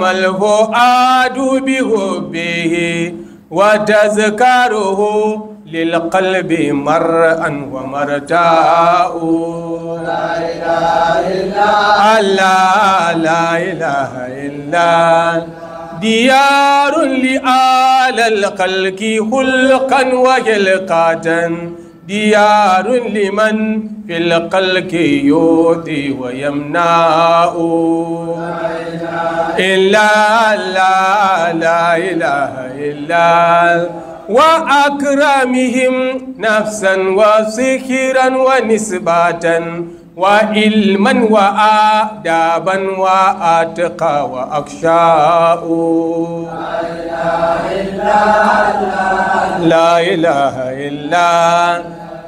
ما الفؤاد بحبه وتذكره للقلب مرءا ومرتاء لا إله إلا الله لا إله إلا ديار لآل الخلق خلقا وخلقة ديار لمن في القلق يودي ويمنع إلا لا لا إله إلا وأكرمهم نفسا وسكرا ونسبة وإلما وآدابا وأتقى وأخشاء لا إله إلا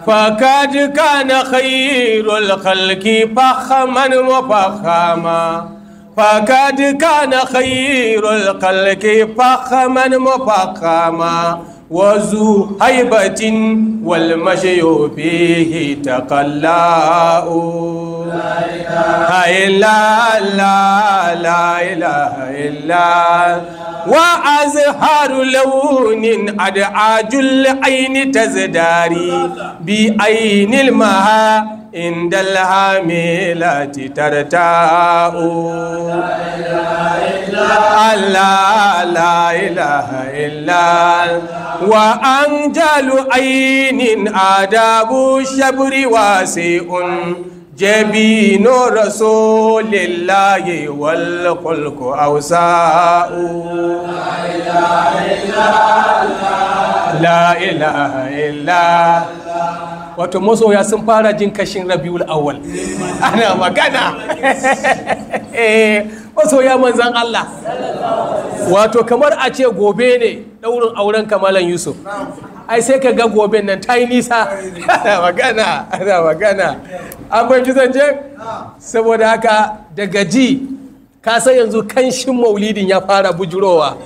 فقد كان خير الخلق فخما وفخاما فقد كان خير الخلق فخما وفخاما wazu haibatin walmashe yofe he ta kalla'o haila la'ila wa azharu launin ad'ajul aini tazdari bi ainil maha In da alhamis lati tartawa, Allah, Allah, Wa anjalu ainihin adabu shabri wasa'un. جبين رسول الله والخلق أوساء لا إله إلا الله لا إله إلا الله wato masoya sun fara jin kashin rabiul awwal ana magana eh, masoya manzan Allah wato kamar a ce gobe ne daurin auren kamalan yusuf ai sai ka ga gobe nan ta yi nisa ana magana ana magana an fahimci zance saboda haka daga ji ka san yanzu kanshin maulidin ya fara bujurowa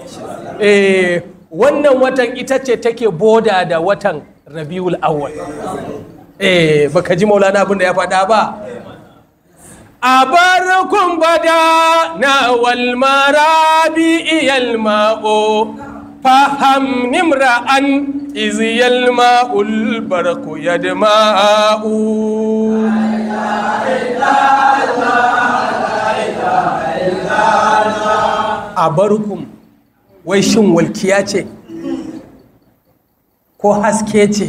eh wannan watan ita ce take boda da watan rabiul awwal eh baka ji maulana abin da ya faɗa ba na بدا ناول مرابي الماء faham nimra'an iziyal ma'ul barku yadma'u a barkun wai shin walkiya ce ko haske ce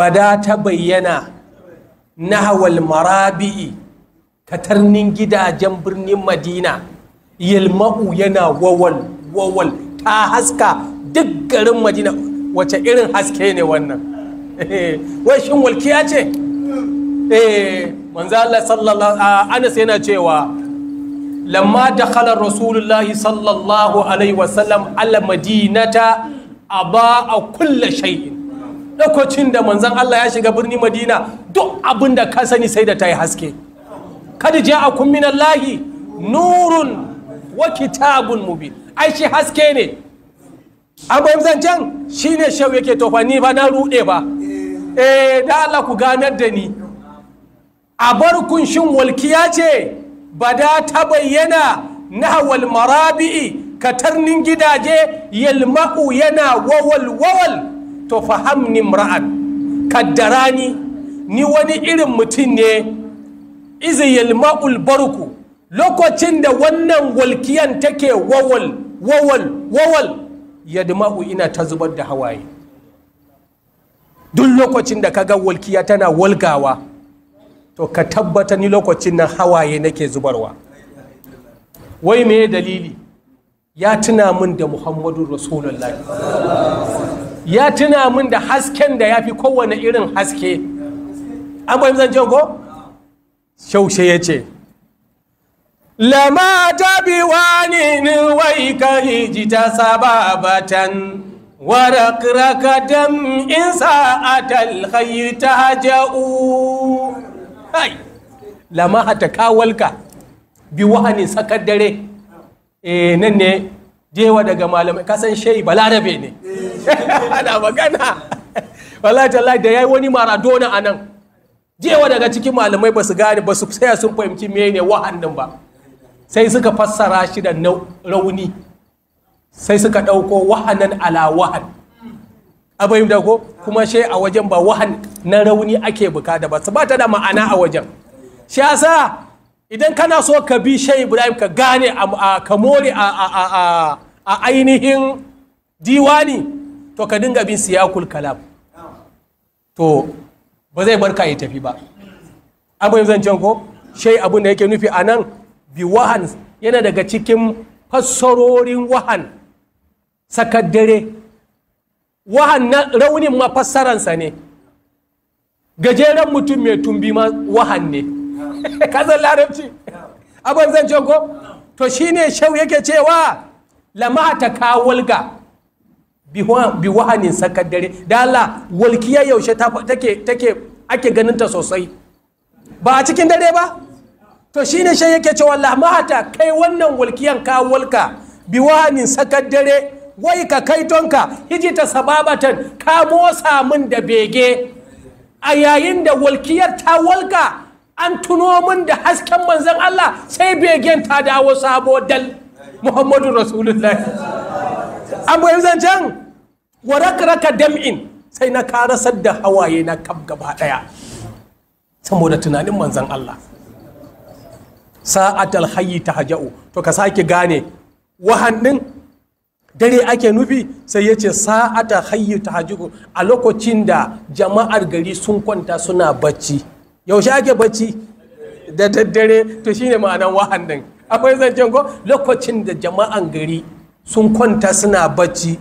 bada ta bayyana na Hawal marabi'i katarnin gidajen birnin madina yalma'u yana wawal wawal ta haska duk garin madina wace irin haske ne wannan wai shin walkiya ce eh manzo Allah sallallahu Anas yana cewa lamma dakhala rasulullahi sallallahu alaihi wasallam al madinata aba a kulla shay'in lokacin da manzon Allah ya shiga birnin Madina duk abin da ka sani sai da ta yi haske kad ja'akum minallahi nurun wa kitabun mubin ai shi haske ne abin zancen shi ne shau yake tofani ba na rude ba eh da Allah ku ganar da ni a bar kunshin walkiya ce ba da ta bayyana na nahawal marabi'i katarnin gidaje yalma'u yana wawal wawal to fahamni mra'an kaddarani ni wani irin mutum ne izi yalma'ul barku lokacin da wannan walkiyan take wawal wawal wawal ya dima'u ina ta zubar da hawaye duk lokacin da ka ga walkiya tana walgawa to ka tabbata ni lokacin nan hawaye nake zubarwa wai me dalili ya tuna min da muhammadu Rasulallah? ya tuna min da hasken da ya fi kowane irin haske an bayan zan ko shaushe ya ce lama ni wai ka hiji لما تبوان ويك هجت سبابة ورقرقة إن ساءة الخير تهجأوا هاي لما أتكاولك biwa'anin tsakar dare eh nan ne jewa daga malamai kasan shehi balarabe ne ana magana wallahi tallahi da yi wani maradona anan jewa daga cikin malamai ba su gane ba su saya sun fahimci mene wa'annan ba sai suka fassara shi da rauni sai suka ɗauko wahanan ala wahan abin da ko kuma shi a wajen ba wahan na rauni ake bukata ba su ba ta da ma'ana a wajen shi yasa idan kana so ka bi shai ibrahim ka gane ka more a ainihin diwani to ka dinga bin siyakul kalam to ba zai barka ya tafi ba abin zancen ko shai abin da yake nufi a nan bi wahan yana daga cikin fassarorin wahan sakaddare wahan na raunin mafassaransa ne gajeren mutum mai tumbi ma wahan ne kazan larabci abin zan ko to shine shau yake cewa lama ta kawulga bi wahanin sakaddare da Allah walkiya yaushe take ake ganinta sosai ba a cikin dare ba to shine shan yake cewa ta kai wannan walkiyan ka walka biwanin sakar dare wai ka kai tonka hijita sababatan ka motsa min da bege a yayin da walkiyar ta walka an tuno min da hasken manzon Allah sai begen ta dawo sabo dal Muhammadu Rasulullahi an bayan zancen warakaraka dam'in sai na karasar da hawaye na kaf gaba daya saboda tunanin manzon Allah sa'atal hayyi hajau to ka sake gane wahannin dare ake nufi sai ya ce sa'ata ta hajau a lokacin da jama'ar gari sun kwanta suna bacci yaushe ake bacci da daddare to shine ma'anan wahannin akwai zancen ko lokacin da jama'an gari sun kwanta suna bacci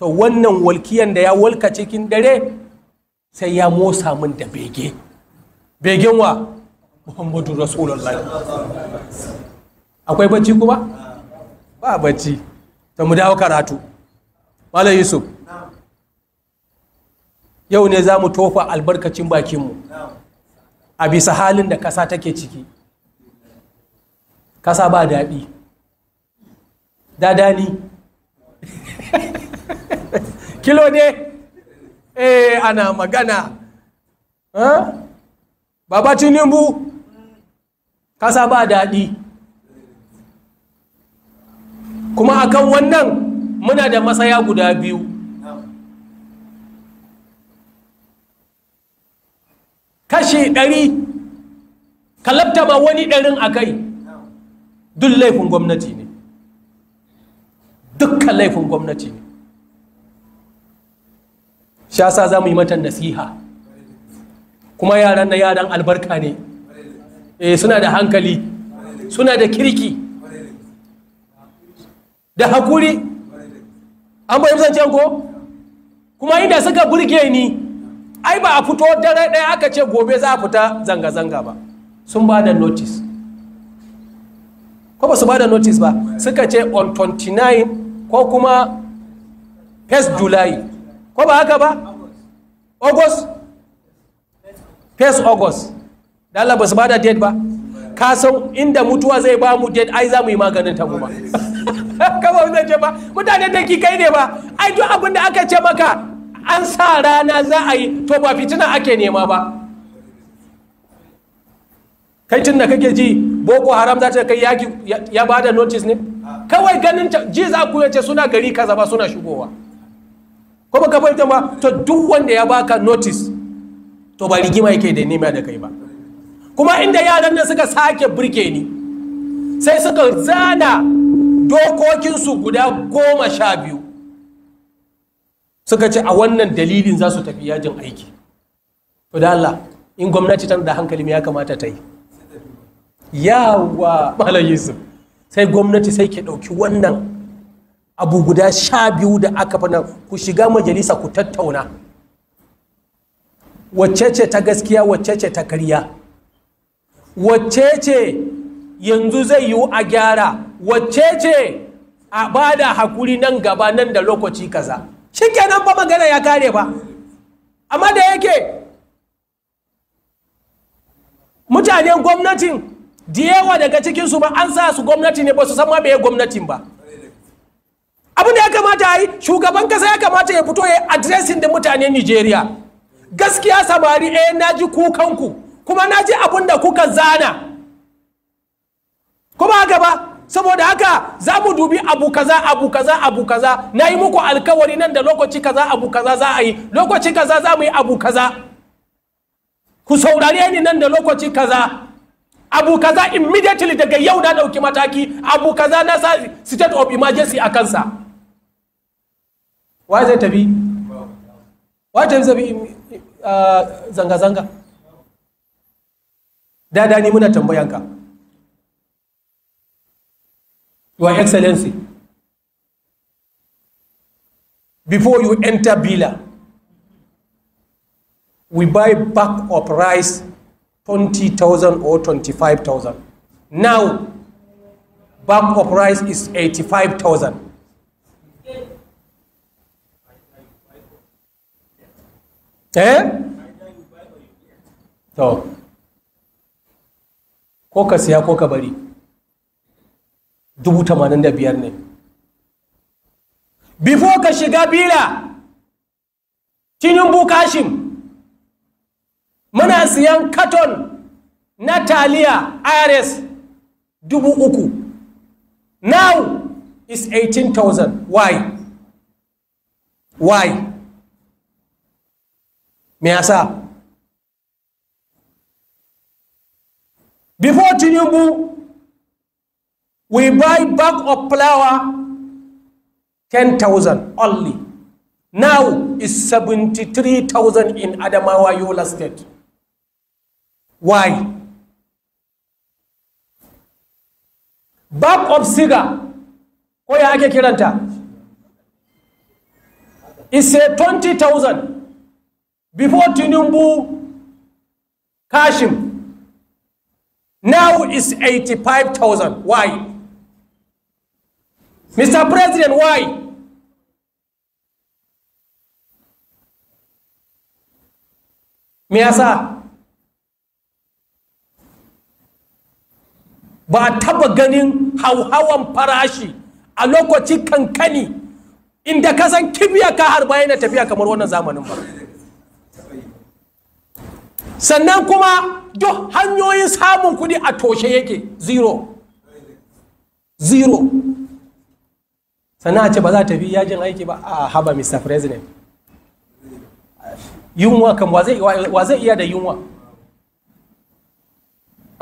to wannan walkiyan da ya walka cikin dare sai ya mosa min da bege begen wa muhammadu rasulullahi akwai bacci kuma ba bacci ta mu dawo karatu malam yusuf yau ne za mu tofa albarkacin bakinmu a bisa halin da kasa take ciki kasa ba daɗi dadani kilo ne eh ana magana babacin nimbu kasa ba daɗi kuma akan wannan muna da matsaya guda biyu kashe ɗari ka ba wani ɗarin a kai duk laifin gwamnati ne dukkan laifin gwamnati ne shasa za mu yi mata nasiha kuma yaran na yaran albarka ne eh suna da hankali suna da kirki da hakuri an bayan zancen ko kuma inda suka burge ni ai ba a fito dare ɗaya aka ce gobe za a fita zanga-zanga ba sun ba da notice ko ba su ba da notice ba suka ce on 29 ko kuma 1st july ko ba haka ba august 1st august Allah ba su ba da date ba ka san inda mutuwa zai ba mu date ai za mu yi maganin ta ba kama zai ce ba mutane da kai ne ba ai duk abin da aka ce maka an sa rana za a yi to ba fitina ake nema ba kai tun da kake ji boko haram za ta kai yaki ya ba da notice ne kawai ganin ji za ku yace suna gari kaza ba suna shigowa kuma ka bai ba to duk wanda ya baka notice to ba rigima yake da nema da kai ba kuma inda yaran da suka sake burge ni sai suka zana dokokinsu guda goma sha biyu suka ce a wannan dalilin za su tafi yajin aiki to da Allah in gwamnati tana da hankali ya kamata ta yi yawa malam yusuf sai gwamnati sai ke ɗauki wannan abu guda sha biyu da aka fana ku shiga majalisa ku tattauna wacce ce ta gaskiya wacce ce ta karya wacce ce yanzu zai yiwu a gyara wacce ce a ba da haƙuri nan gaba nan da lokaci kaza shi ba magana ya kare ba amma da yake mutanen gwamnatin da yawa daga cikinsu ba an sa su gwamnati ne ba su san ma bai gwamnatin ba abin da ya kamata yi shugaban kasa ya kamata ya fito ya yi adresin da mutanen nigeria gaskiya samari eh na ji kukanku kuma na ji abin da kuka zana kuma haka ba saboda haka za mu dubi abu kaza abu kaza abu kaza na yi muku alkawari nan da lokaci kaza abu kaza za a yi lokaci kaza za mu yi abu kaza ku saurare ni nan da lokaci kaza abu kaza immediately daga yau na dauki mataki abu kaza na sa state of emergency a kansa wa zai tafi wa tafi eh, zanga-zanga dada ni muna tambayanka your excellency before you enter bila we buy back of rice 20,000 or 25,000 now back of rice is 85,000 Eh? So. ko ka siya ko ka bari dubu tamanin da biyar ne bifo ka shiga bila cinyin bukashin muna siyan katon na taliya irs dubu uku now is 18,000 why why me yasa Before Tinubu, we buy bag of flour 10,000 only. Now it's 73,000 in Adamawa Yola state. Why? Bag of cigar, ko ya ake kiranta? Is a 20,000 before Tinubu Kashim Now it's 85,000. Why? Mr. President, why? Me Ba a taba ganin hauhawan farashi a lokaci kankani inda ka san kibiya ka harba yana tafiya kamar wannan zamanin ba. sannan kuma duk hanyoyin samun kudi a toshe yake zero zero sannan a ce ba za ta bi yajin aiki ba a ah, haba mr president yunwa kan wa zai iya da yunwa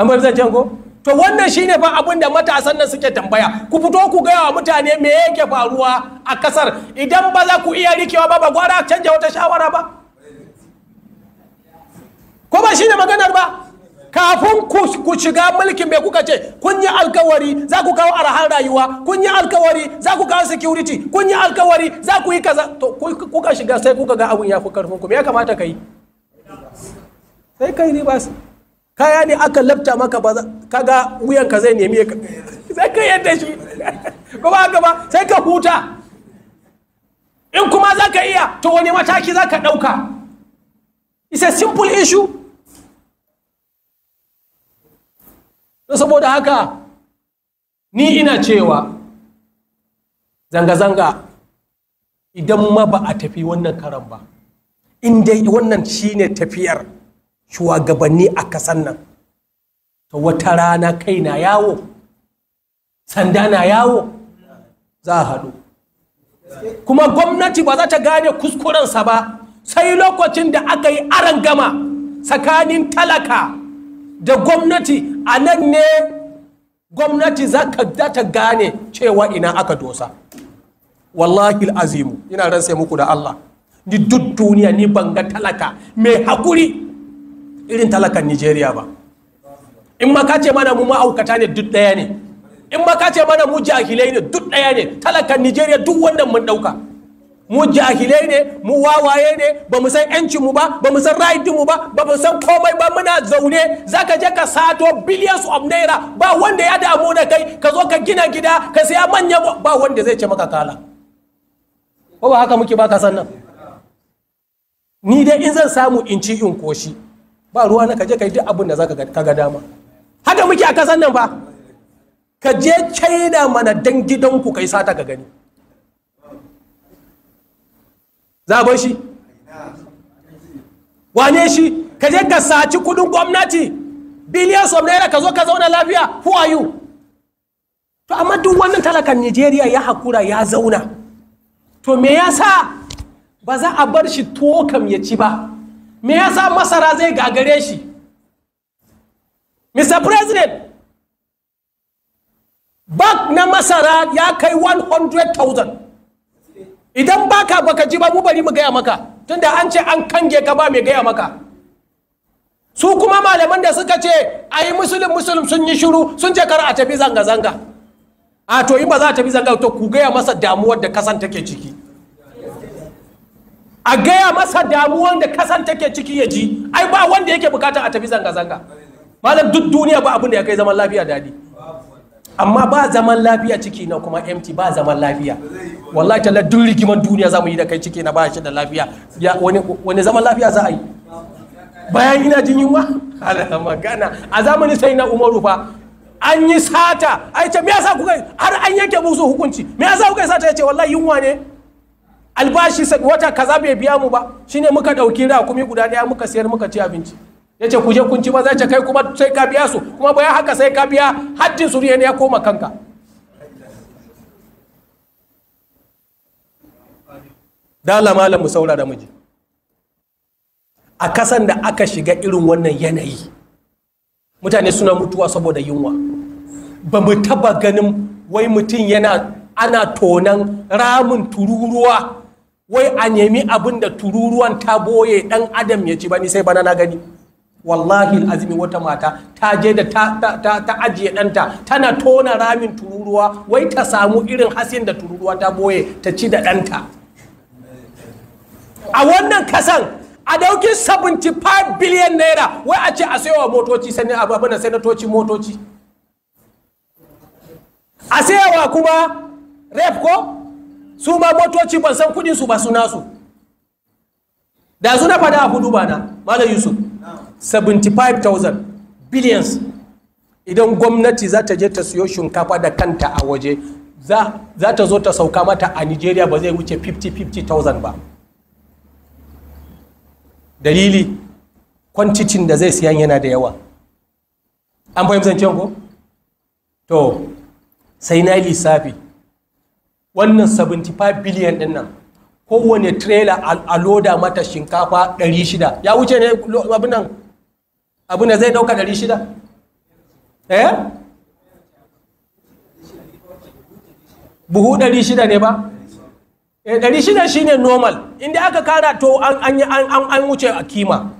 an bai zancen ko to wannan shine fa abin da matasan nan suke tambaya ku fito ku gaya wa mutane me yake faruwa a kasar idan ba za ku iya rikewa ba ba gwara canja wata shawara ba ko ba shine maganar ba kafin ku shiga mulkin bai kuka ce kun yi alkawari za ku kawo arhan rayuwa kun yi alkawari za ku kawo security kun yi alkawari za ku yi kaza to kuka shiga sai kuka ga abun ya fi karfin ku me ya kamata ka yi sai kai ne ba kaya ne aka labta maka ba kaga wuyan ka zai nemi sai ka yadda shi kuma ka ba sai ka huta in kuma za ka iya to wani mataki za ka ɗauka it's a simple issue saboda haka ni ina cewa zanga-zanga idan ma ba a tafi wannan karan ba in dai wannan shine tafiyar shugabanni a kasan nan to wata rana kai na yawo sanda na yawo za a haɗu kuma gwamnati ba za ta gane kuskurensa ba sai lokacin da aka yi aran gama tsakanin talaka da gwamnati a nan ne gwamnati za ta gane cewa ina aka dosa wallahi azimu ina ran sai muku da Allah ni duk duniya ni ban ga talaka mai hakuri irin talakan Nigeria ba in ma ka mana mu ma'aukata ne duk ɗaya ne in ma ka mana mu jahilai ne duk ɗaya ne talakan Nigeria duk wannan mun ɗauka mu jahilai ne mu wawaye ne ba mu san yancin mu ba ba mu san right mu ba ba mu san komai ba muna zaune zaka je ka sato billions of naira ba wanda ya damu da kai ka zo ka gina gida ka siya manya ba wanda zai ce maka kala ko ba haka muke ba ka san nan ni dai in zan samu in ci in koshi ba ruwa na ka je ka yi duk abin da zaka ka ga dama haka muke a kasan nan ba ka je china mana dan gidanku kai sata ka gani za shi wane shi ka je ka saci kudin gwamnati biliyan of naira ka zo ka zauna lafiya who are you to amma duk wannan talakan Nigeria ya hakura ya zauna to me ya sa ba za a bar shi tokam ya ci ba me ya sa masara zai gagare shi Mr. President bak na masara ya kai 100,000 idan baka baka ji ba mu bari mu gaya maka tunda an ce an kange ka ba mai gaya maka su kuma malaman da suka ce a yi musulun musulun sun yi shiru sun ce kar a tafi zanga-zanga a to in ba za a tafi zanga to ku gaya masa damuwar da kasan take ciki a gaya masa damuwar da kasan take ciki ya ji ai ba wanda yake bukata a tafi zanga-zanga malam duk duniya ba abin da ya kai zaman lafiya daɗi amma ba zaman lafiya ciki na kuma empty ba zaman lafiya wallahi talla duk rigiman duniya zamu yi da kai ciki na ba shi da lafiya wani wani zaman lafiya za a yi bayan ina jin yunwa ala magana a zamani sai na umaru fa an yi sata a yace me yasa kuka har an yanke musu hukunci me yasa kuka sata yace wallahi yunwa ne albashi wata kaza bai biya mu ba shine muka dauki kuma guda daya muka sayar muka ci abinci ya ce kuje kunci ba za ce kai kuma sai ka biya su kuma bayan haka sai ka biya hajjin su ne ya koma kanka dala malam mu da miji a kasan da aka shiga irin wannan yanayi mutane suna mutuwa saboda yunwa ba mu taba ganin wai mutum yana ana tonan ramin tururuwa wai a nemi abin da tururuwan ta boye dan adam ya ci ba ni sai bana na gani wallahi azumi wata mata ta je da ta, ta, ajiye ɗanta tana tona ramin tururuwa wai ta samu irin hasin da tururuwa ta boye ta ci da ɗanta a wannan kasan a dauki 75 biliyan naira wai a ce a wa motoci sai abin sanatoci motoci a sayawa kuma rep ko su ma motoci ban san kudin su ba su nasu da su na fada a hudu bana malam yusuf 75,000 billions idan gwamnati za ta je ta siyo shinkafa da kanta a waje za ta zo ta sauka mata a nigeria ba zai wuce 50000 ba dalili kwancicin da zai siyan yana da yawa an fahimtar ko? to sai na lissafi wannan 75 biliyan din nan kowane trailer a loda mata shinkafa 600 ya wuce ne abin nan abu ne zai ɗauka ɗari shida eh buhu ɗari shida ne ba Eh ɗari shida shi ne normal inda aka kara to an wuce a kima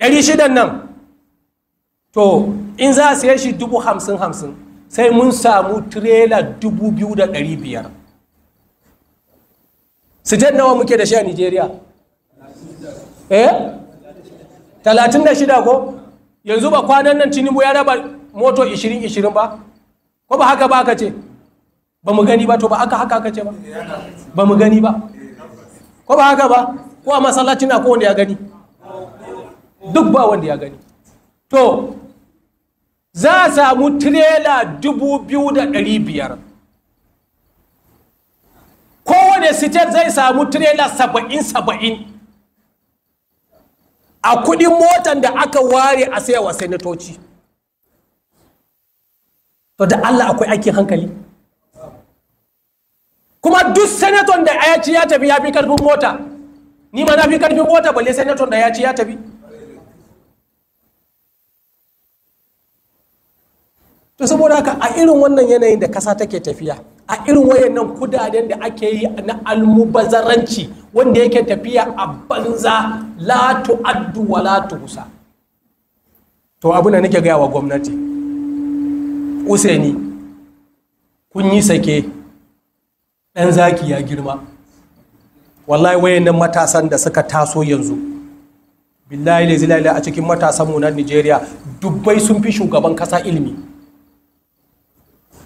ɗari shida nan to in za a siya shi dubu hamsin hamsin sai mun samu tirela dubu biyu da ɗari biyar sitet nawa muke da shi a nigeria eh talatin da shida ko yanzu ba kwanan nan tinubu ya raba moto ishirin ishirin ba ko ba haka ba aka ce ba mu gani ba to ba aka haka aka ce ba ba mu gani ba ko ba haka ba ko a masallaci na ko wanda ya gani duk ba wanda ya gani to za a samu tirela dubu biyu da ɗari biyar kowane sitet zai samu tirela saba'in saba'in a kudin motan da aka ware a sayawa sanatoci to da Allah akwai aikin hankali kuma duk sanaton da ya ci ya tafi ya fi karfin mota ni ma na fi karfin mota balle sanaton da ya ci ya tafi to saboda haka a irin wannan yanayin da kasa take tafiya a irin wayannan kudaden da ake yi na almubazaranci wanda yake tafiya a banza la tu'addu wa la tuhsa to abin nake gaya wa gwamnati usaini kun yi sake ɗan zaki ya girma wallahi wayannan matasan da suka taso yanzu billahi a cikin matasan mu na nigeria dubbai sun fi shugaban kasa ilimi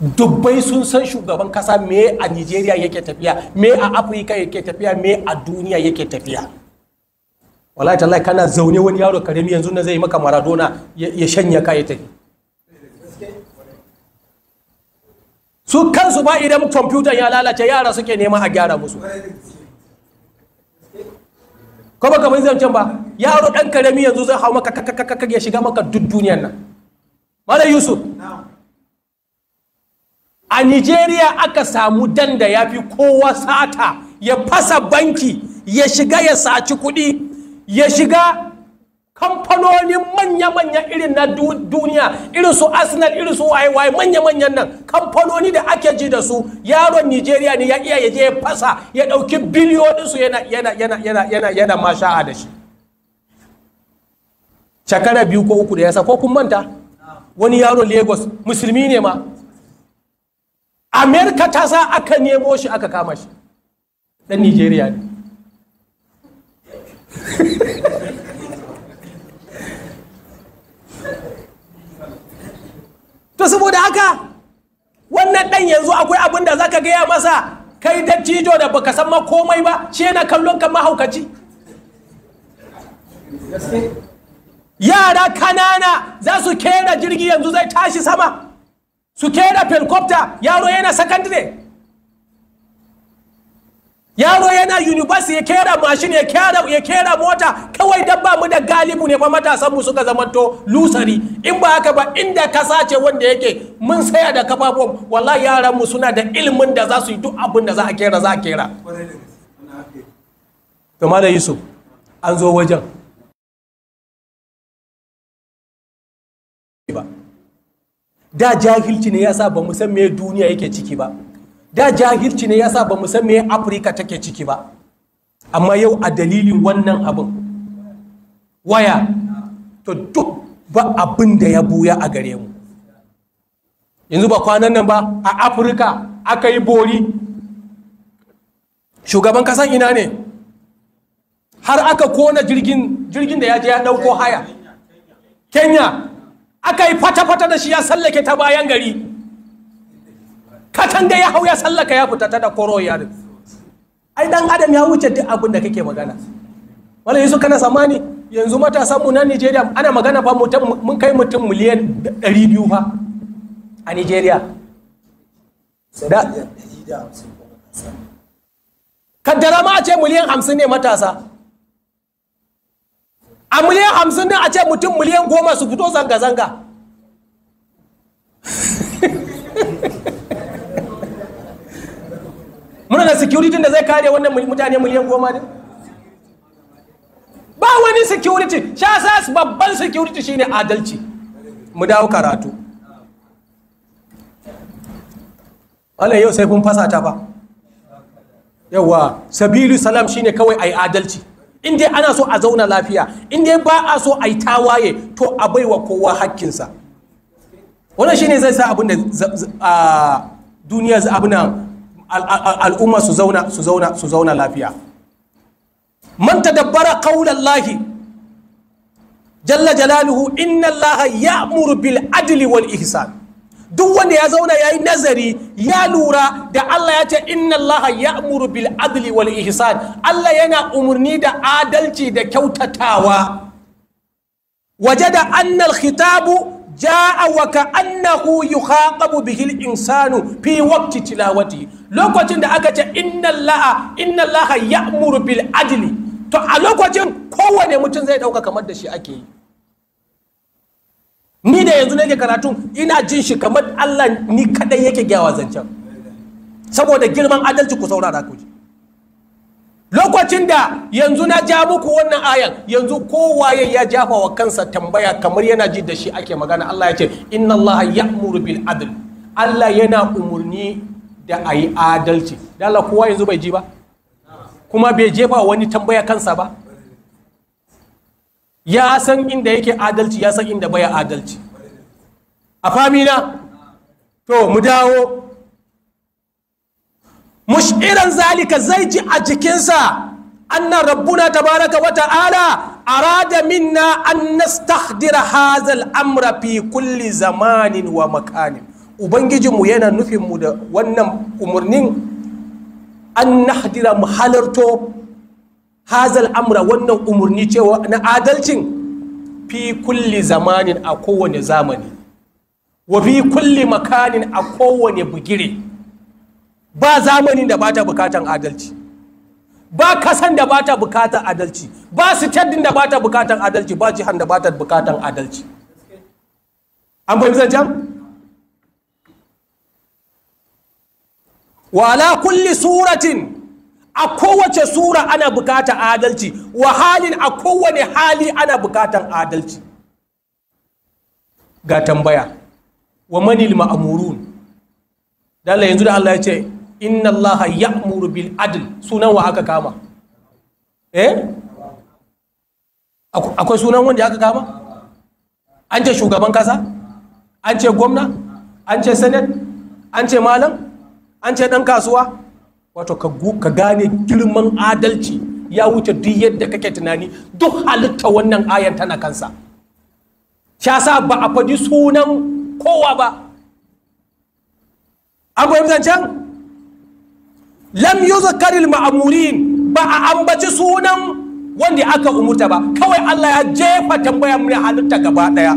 dubbai sun san shugaban kasa me a nigeria yake tafiya me a afirka yake tafiya me a duniya yake tafiya wallahi tallahi kana zaune wani yaro karami yanzu na zai maka maradona ya shanya ka ya tafi su kansu ba idan kwamfutan ya lalace yara suke nema a gyara musu ko kamar zan zancen ba yaro dan karami yanzu zai hau maka kakakakak ya shiga maka duk duniyan nan malai yusuf a nigeria aka samu dan da ya fi kowa sata ya fasa banki ya shiga ya saci kudi ya shiga kamfanonin manya-manya irin na duniya irin su arsenal irin su waye-waye manya-manyan nan kamfanoni da ake ji da su yaron nigeria ne ya iya yaje ya fasa ya ɗauki su yana yana yana yana yana yana sha'a da shi shekara biyu ko uku da yasa ko kun manta wani yaro lagos musulmi ne ma amerika ta sa aka nemo shi aka kama shi dan nigeria ne to saboda haka wannan dan yanzu akwai abin da zaka gaya masa kai dattijo da baka san ma komai ba shi yana kallon kan mahaukaci yara kanana za su kera jirgi yanzu zai tashi sama su kera felkopta yaro yana sakandire yaro yana university ya kera mashin ya kera ya mota kawai dabba mu da galibu ne fa matasan mu suka zamanto lusari in ba haka ba inda ka sace wanda yake mun saya da kafafuwan wallahi yaran mu suna da ilimin da za su yi duk abin da za a kera za a kera to malam yusuf an zo wajen da jahilci ne yasa ba mu san me duniya yake ciki ba da jahilci ne yasa ba san me afirka take ciki ba amma yau a dalilin wannan abin waya to duk ba abin da ya buya a gare mu yanzu ba kwanan nan ba a afirka aka yi bori shugaban kasan ina ne har aka kona jirgin da ya je ya dauko haya kenya aka yi fata-fata da shi ya sallake ta bayan gari katanga ya hau ya sallaka ya fita ta da koro ya ai dan adam ya wuce duk abin da kake magana wala yanzu kana samani yanzu matasan mu na Nigeria ana magana fa mun kai mutum miliyan 200 fa a Nigeria kaddara ma a ce miliyan 50 ne matasa a miliyan hamsin din a ce mutum miliyan goma su fito zanga-zanga muna da security da zai kare wannan mutane miliyan goma din ba wani security sha sa babban security shine adalci mu dawo karatu wane yau sai kun fasa ta ba yauwa Sabiru salam shine kawai ai adalci in ana so a zauna lafiya in dai ba a so a yi tawaye to a baiwa kowa hakkinsa wannan shine zai sa abin da duniya abin al'umma su zauna su zauna su zauna lafiya man tadabbara qaulallahi jalla jalaluhu inna allaha ya'muru bil adli wal ihsan duk wanda ya zauna ya yi nazari ya lura da Allah ya ce inna Allah ya amuru bil adli wal ihsan Allah yana umurni da adalci da kyautatawa waje da annal khitabu ja'a wa ka'annahu yukhaqabu bihi al insanu fi waqti tilawati lokacin da aka ce inna Allah inna Allah ya bil adli to a lokacin kowane mutum zai dauka kamar da shi ake yi yanzu nake karatu ina jin shi kamar Allah ni kadai yake gyawa zancen saboda girman adalci ku saurara ku ji lokacin da yanzu na ja muku wannan ayan yanzu kowaye ya jafa wa kansa tambaya kamar yana ji da shi ake magana Allah ya ce inna Allah ya'muru bil adl Allah yana umurni da a yi adalci da Allah kowa yanzu bai ji ba kuma bai jefa wani tambaya kansa ba ya san inda yake adalci ya san inda baya adalci a famina to mu dawo mushiran zalika zai ji a jikinsa annan rabbuna tabaraka wa ta'ala arada minna an nastahdira hazal amra fi kulli zamanin wa makanin ubangijinmu yana nufin mu da wannan umarnin an nahdira mu halarto hazal amra wannan umarni cewa na adalcin fi kulli zamanin a kowane zamani wa fi kulli makanin a kowane bugire ba zamanin da ba ta bukatan adalci ba kasan da ba ta bukatan adalci ba caddin da ba ta bukatan adalci ba jihar da ba ta bukatan adalci an fahimci zancen wa ala kulli suratin a kowace sura ana bukatan adalci wa halin a kowane hali ana bukatan adalci ga tambaya wa manil ma'amurun dalla yanzu da Allah ya ce inna Allah ya'muru bil adl sunan wa aka kama eh akwai sunan wanda aka kama an ce shugaban kasa an ce gwamna an ce senate an ce malam an ce dan kasuwa wato ka gane girman adalci ya wuce duk yadda kake tunani duk halitta wannan ayan tana kansa sha sa ba a faɗi sunan kowa ba an bayan can? lam yuzkaril ma'murin ba a ambaci sunan wanda aka umurta ba kawai Allah ya jefa tambayar mu halitta gaba ɗaya.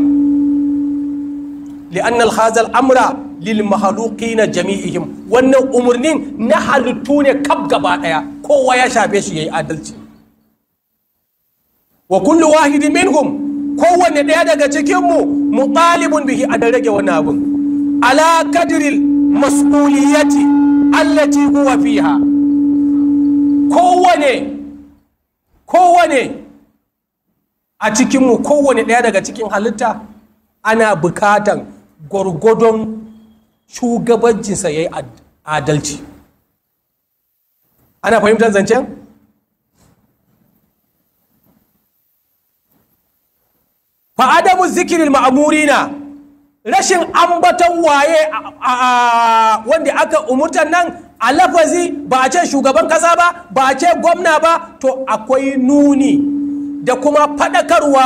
li'anna al amra lil mahaluqina jami'ihim wannan umarnin na halittu ne kaf gaba ɗaya. kowa ya shafe shi yayi adalci wa kullu wahidin minhum kowane ɗaya daga cikinmu mu ɗalibun bihi a da rage wani abun ala kadiril mas'uliyati allati huwa fiha kowane kowane a cikinmu kowane ɗaya daga cikin halitta ana bukatan gwargwadon shugabancinsa ya yi adalci ana fahimtar zancen? fa adamu zikirin ma'amurina rashin ambaton waye wanda aka umurtan nan a lafazi ba a ce shugaban kasa ba ba a ce gwamna ba to akwai nuni da kuma faɗakarwa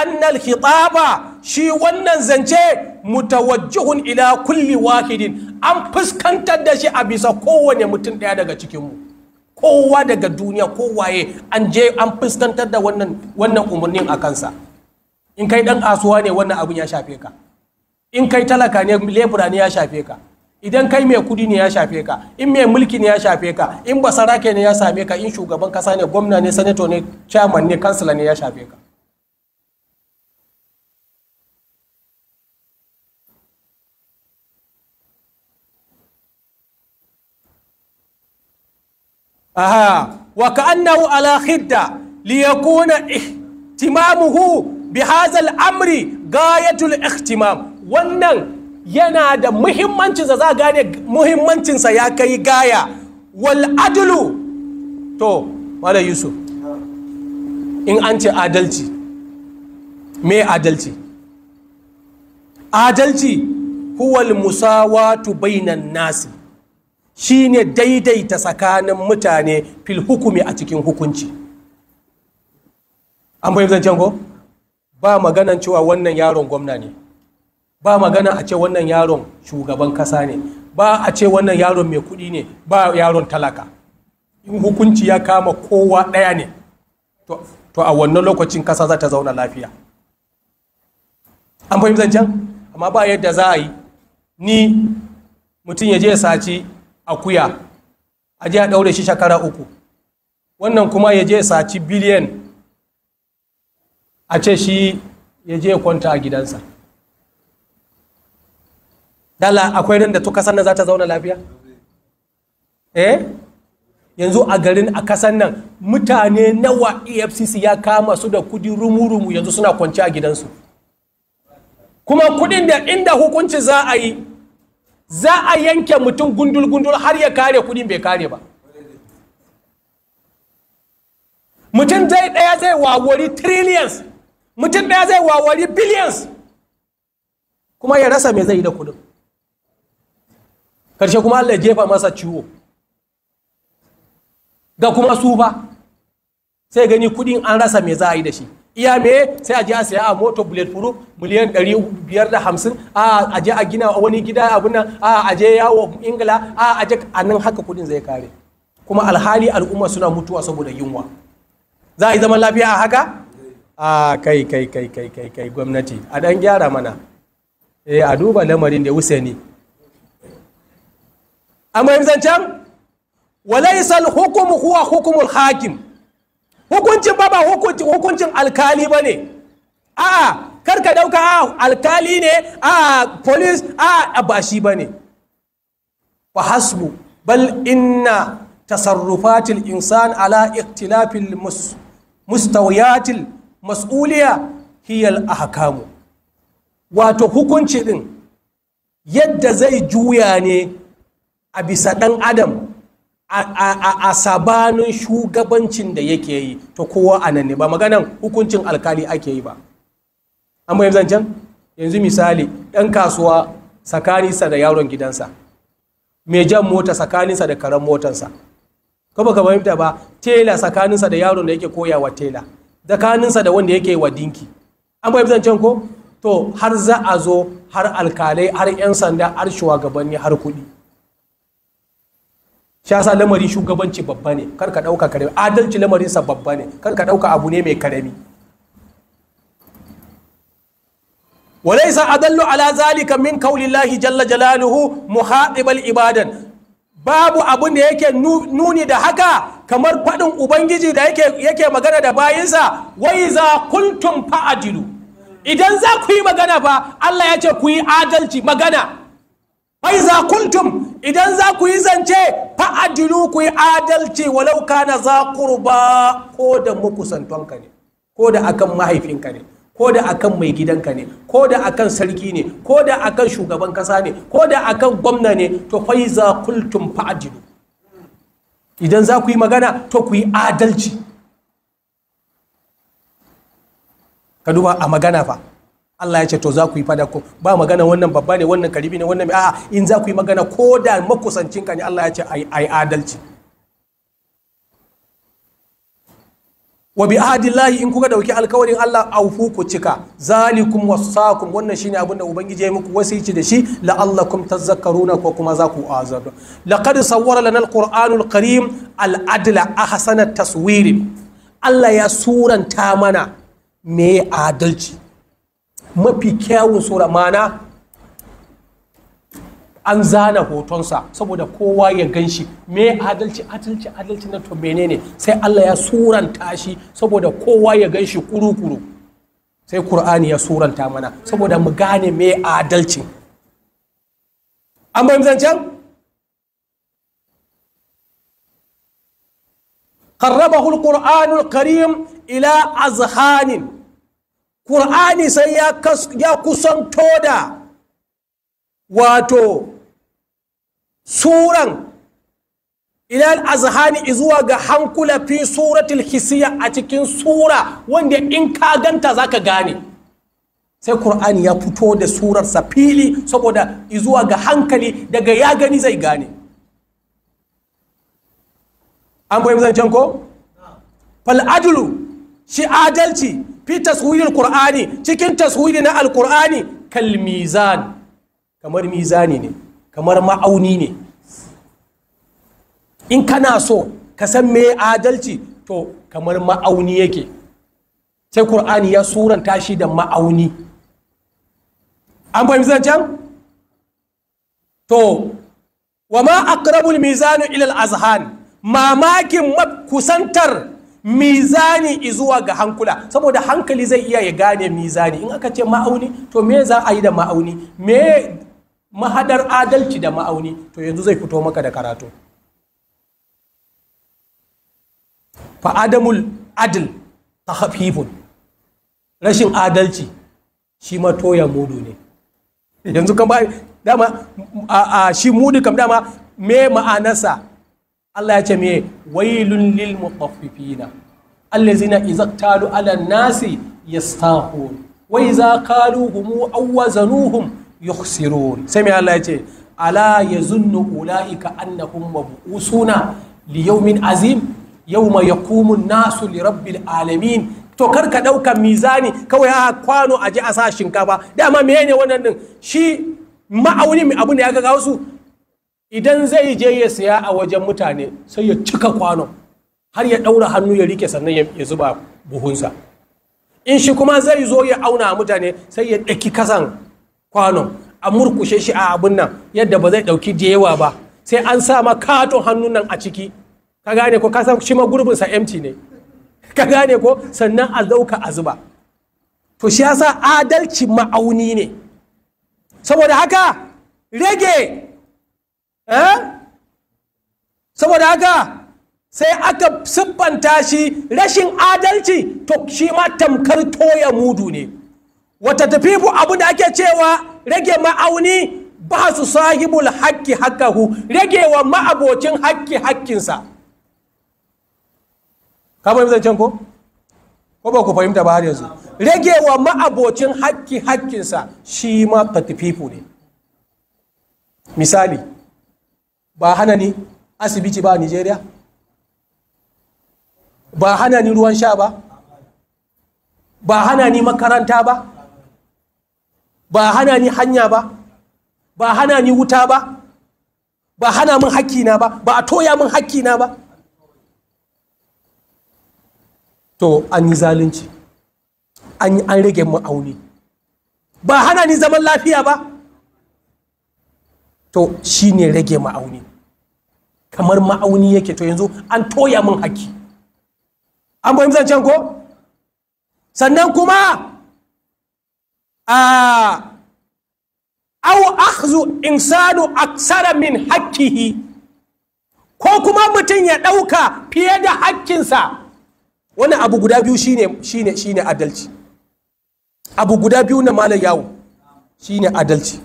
annal khitaba shi wannan zance mutawajjihun ila kulli wahidin an fuskantar da shi a bisa kowane mutum ɗaya daga cikinmu kowa daga duniya kowaye an je an fuskantar da wannan umarnin a kansa in kai dan kasuwa ne wannan abin ya shafe ka in kai talaka ne lebura ne ya shafe ka idan kai mai kudi ne ya shafe ka in mai mulki ne ya shafe ka in basarake ne ya same ka in shugaban kasa ne gwamna ne sanato ne chairman ne kansila ne ya shafe ka aha wa ka'annahu ala khidda liyakuna ihtimamuhu bi hazal amri gayatul ikhtimam wannan yana da muhimmancin za gane muhimmancin sa ya kai gaya wal adlu to yusuf in an ce adalci me adalci adalci huwal musawatu bainan nasi shine daidaita tsakanin mutane fil hukumi a cikin hukunci an bayyana zancen ko ba maganan cewa wannan yaron gwamna ne ba magana a ce wannan yaron shugaban kasa ne ba a ce wannan yaron mai kuɗi ne ba yaron talaka in hukunci ya kama kowa ɗaya ne to a wannan lokacin kasa za ta zauna lafiya an fahimtar can amma ba yadda za a yi ni mutum ya je ya saci akuya a je a ɗaure shi shekara uku wannan kuma ya je ya saci biliyan a ce shi ya je kwanta a gidansa dala akwai ran da to kasan nan za ta zauna lafiya eh yanzu a garin a kasan nan mutane nawa efcc ya kama su da kudi rumu-rumu yanzu suna kwanci a gidansu kuma kudin da inda hukunci za a yi za a yanke mutum gundul-gundul har ya kare kudin bai kare ba mutum zai daya zai wawari trillions mutum ɗaya zai wawari billions kuma ya rasa mai zai yi da kudin karshe kuma allah jefa masa ciwo ga kuma su ba sai gani kudin an rasa mai za a yi da shi iya me sai a je a saya a moto bullet proof miliyan 550 a a je a gina wani gida abunan a a je yawo ingila a a a nan haka kudin zai kare kuma alhali al'umma suna mutuwa saboda yunwa za a yi zaman lafiya a haka a kai kai kai kai kai kai gwamnati a dan gyara mana eh a duba lamarin da ne. amma yanzu can walaisal hukumu huwa hukumul hakim hukuncin ba ba hukuncin alkali bane a'a karka dauka a alkali ne a police a ba shi ba ne fa hasbu bal inna tasarrufatil insan ala ikhtilafil mustawiyatil mas'uliya hiyal ahkamu wato hukunci din yadda zai juya ne a bisa ɗan adam a sabanin shugabancin da yake yi ta kowa a nan ne ba maganan hukuncin alkali ake yi ba an bayan zancen yanzu misali ɗan kasuwa tsakaninsa da yaron gidansa mai jan mota tsakaninsa da karen motansa, kuma kamar fahimta ba tela tsakaninsa da yaron da yake koyawa tela kaninsa da wanda yake wadinki dinki an bai zancen ko to har za a zo har alkalai har 'yan sanda har shugabanni har kuɗi shi yasa lamari shugabanci babba ne kar ka ɗauka karami adalci lamarinsa babba ne kar ka ɗauka abu ne mai karami وليس adallu ala zalika min قول الله جل جلاله محاطبا ibadan. babu abin da yake nuni da haka kamar faɗin ubangiji da yake magana da bayinsa wai za kuntum fa'adilu idan za ku yi magana fa Allah ya ce ku yi adalci magana wai za kuntum idan za ku yi zance fa'adilu ku yi adalci walau kana za kurba ko da makusantonka ne ko da akan mahaifinka ne ko da akan mai gidanka ne ko da akan sarki ne ko da akan shugaban kasa ne ko da akan gwamna ne to za kultum fa'adilu idan za ku yi magana to ku yi adalci ka duba a magana fa Allah ya ce to za ku yi fada ko ba magana wannan babba ne wannan karibi ne wannan a'a in za ku yi magana ko da makusancinka ne Allah ya ce ai adalci wa bi ahdillahi in kuka dauki alkawarin Allah aufu ku cika zalikum wasakum wannan shine abin da ubangiji ya muku wasici da shi la'allakum tazakkaruna ko kuma za ku azabu laqad sawwara lana alqur'anu alkarim al'adla ahsana taswiri Allah ya suranta mana me adalci mafi kyawun sura mana an zana hotonsa saboda kowa ya gan shi me adalci adalci adalci na to menene sai Allah ya suranta shi saboda kowa ya gan shi kuru-kuru sai Kur'ani ya suranta mana saboda mu gane me adalci an bayan zancen قربه Karim ila azhanin Kur'ani sai ya kusanto da wato. suran ilal azhani zuwa ga hankula fi suratul hisiya a cikin sura wanda in ka ganta zaka gane sai Kur'ani ya fito da surarsa fili saboda zuwa ga hankali daga ya gani zai gane an fahimci zancen ko adlu shi adalci fi taswirul Kur'ani cikin taswiri na alkur'ani kal mizan kamar mizani ne kamar ma'auni ne in kana so ka san me adalci to kamar ma'auni yake sai Kur'ani ya suranta shi da ma'auni an fahimci zancen to wa ma akrabul mizanu ilal azhan mamakin kusantar mizani izuwa ga hankula saboda hankali zai iya ya gane mizani in aka ce ma'auni to me za a yi da ma'auni me mahadar adalci da ma'auni to yanzu zai fito maka da karatu fa adamul adl tahfifun rashin adalci shi ma mudu ne yanzu kan ba dama a, shi mudu kam dama me ma'anarsa Allah ya ce me wailun lil mutaffifina allazina idza talu ala nasi yastahun wa idza qaluhum aw wazanuhum yukhsirun sai mai Allah ya ce ala yazunnu ulaika annahum mabusuna li yawmin azim yawma yaqumu an-nasu li rabbil alamin to kar ka dauka mizani kawai ha kwano a ji a sa shinkafa dama menene wannan din shi ma'auni mai abin da ya ga wasu. idan zai je ya siya a wajen mutane sai ya cika kwano har ya daura hannu ya rike sannan ya zuba buhunsa in shi kuma zai zo ya auna mutane sai ya ɗaki kasan Kwano, a murkushe shi a abin nan yadda ba zai ɗauki da yawa ba sai an sa ma katon hannun nan a ciki ka gane ko ka san shi ma gurbin sa empty ne ka gane ko sannan a zauka a zuba to shi yasa adalci ma'auni ne saboda haka rage eh? saboda haka sai aka siffanta shi rashin adalci to shi ma tamkar toya mudu ne wata bu abu da ake cewa rage ma'auni ba su sahibul haƙƙi haƙƙahu rage wa ma'abocin haƙƙi haƙƙinsa ka fahimta zancen ko ko ba ku fahimta ba har yanzu rage wa ma'abocin haƙƙi haƙƙinsa shi ma ta tatififu ne misali ba hana ni asibiti ba a nigeria ba hana ni ruwan sha ba ba hana ni makaranta ba ba hana ni hanya ba ba hana ni wuta ba ba hana min hakkina ba ba a toya min hakkina ba to an yi zalunci an rage ma'auni ba hana ni zaman lafiya ba to shi ne rage ma'auni kamar ma'auni yake to yanzu an toya min hakki an bayan zancen ko sannan kuma au akhzu insanu aksara min hakkihi ko kuma mutum ya ɗauka fiye da hakkinsa wani abu guda biyu shi ne adalci abu guda biyu na malar yawo ne adalci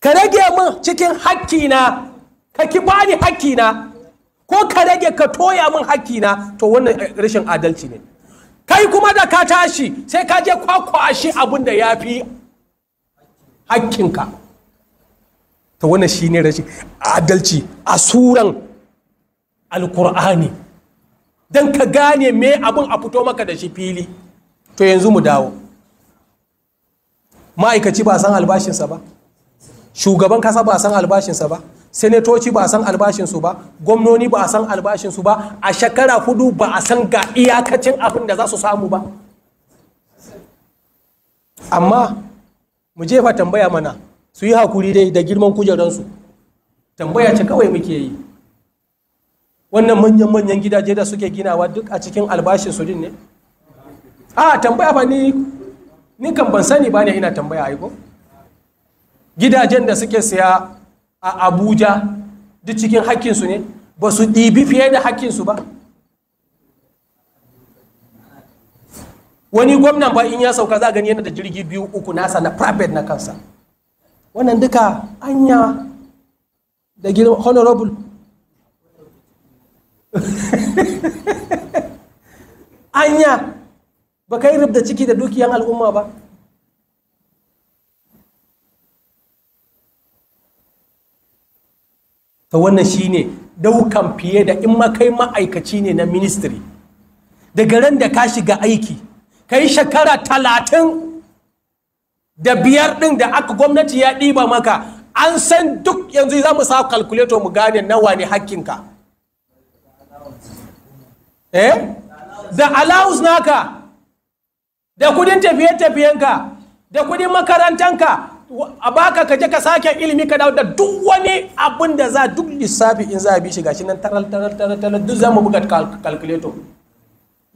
ka rage min cikin hakkina ka ki bani hakkina ko ka rage ka toya min hakkina to wannan rashin adalci ne kai kuma da ka tashi sai ka je kwakwashi abin da ya fi hakkinka ta wannan shi ne rashin adalci a suran alkur'ani don ka gane me abin a fito maka da shi fili to yanzu mu dawo ma'aikaci ba san albashinsa ba shugaban kasa ba san albashinsa ba senatoci ba a san albashinsu ba gwamnoni ba a san albashinsu ba a shekara hudu ba a san ga iyakacin abin da za su samu ba amma mu jefa tambaya mana su yi hakuri dai da girman kujeransu tambaya ce kawai muke yi wannan manyan-manyan gidaje da suke ginawa duk a cikin albashin su ne a tambaya ba ni ni kan ban sani ba ne ina tambaya aiko gidajen da suke siya a abuja duk cikin hakkinsu ne ba su ɗibi fiye da hakkinsu ba wani gwamnan ba in ya sauka za gani yana da jirgi biyu uku nasa na private na kansa wannan duka anya da gina honorable anya ba ka yi rubda ciki da dukiyan al'umma ba to wannan shine daukan fiye da in makai ma'aikaci ne na ministry daga ran da ka shiga aiki ka yi shekara talatin da biyar ɗin da aka gwamnati ya ɗiba maka an san duk yanzu za mu sa kalkuleto mu gane nawa ne hakkinka eh da allowance naka da kudin tafiye-tafiyenka da kudin makarantanka a baka ka je ka sake ilimi ka dawo da duk wani abin da za duk lissafi in za a bi shi gashi nan taral taral taral taral duk za mu buga calculator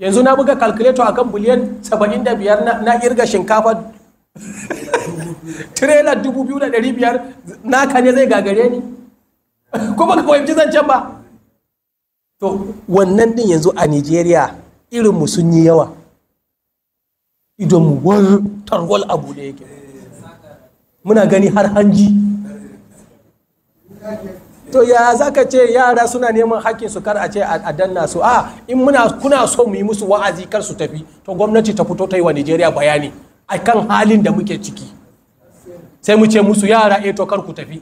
yanzu na buga calculator akan biliyan 75 na irga shinkafa trailer 2500 naka ne zai gagare ni kuma ka fahimci zancen ba to wannan din yanzu a Nigeria irin mu sun yi yawa idon mu war tarwal abu da yake muna gani har hanji to ya za ce yara suna neman hakkin su kar a ce a danna su a in muna kuna so mu yi musu wa'azi kar su tafi to gwamnati ta fito ta yi wa Nijeriya bayani a kan halin da muke ciki sai mu ce musu yara eh kar ku tafi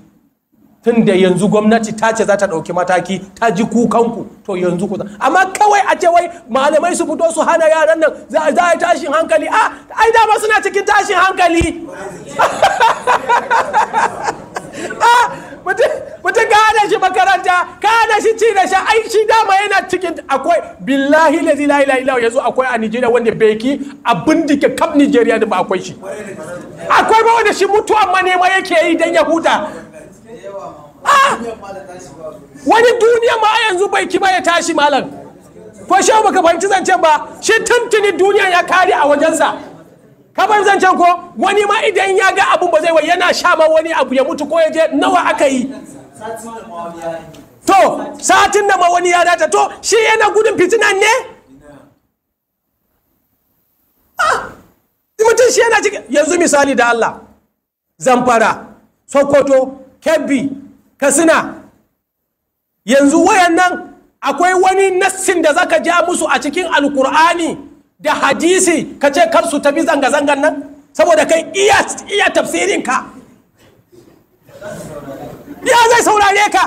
tun da yanzu gwamnati ta ce za ta ɗauki mataki ta ji kukanku to yanzu ku amma kawai a ce wai malamai su fito su hana yaran nan za a yi tashin hankali a ai dama suna cikin tashin hankali mutum ka hana shi makaranta ka hana shi ci da sha ai shi dama yana cikin akwai billahi lazi la ilaha illa yanzu akwai a Nigeria wanda beki a da kap Nigeria da ba akwai shi akwai ba wanda shi mutuwa ma nema yake yi dan ya huta Ah! wani duniya ma yanzu bai ki ya tashi malam ko ba baka fahimci zancen ba shi tuntuni duniya ya kare a wajensa ka bar zancen ko wani ma idan ya ga abu ba zai wa yana sha ma wani abu ya mutu ko ya je nawa aka yi to satin da ma wani ya dace to shi yana gudun fitinan ne ah mutum shi yana cikin yanzu misali da Allah zamfara sokoto kebbi kasina yanzu wayannan akwai wani nassin da zaka ja musu a cikin alkur'ani da hadisi ka ce kar su tafi zanga-zangan nan saboda kai iya tafsirin ka ya zai saurare ka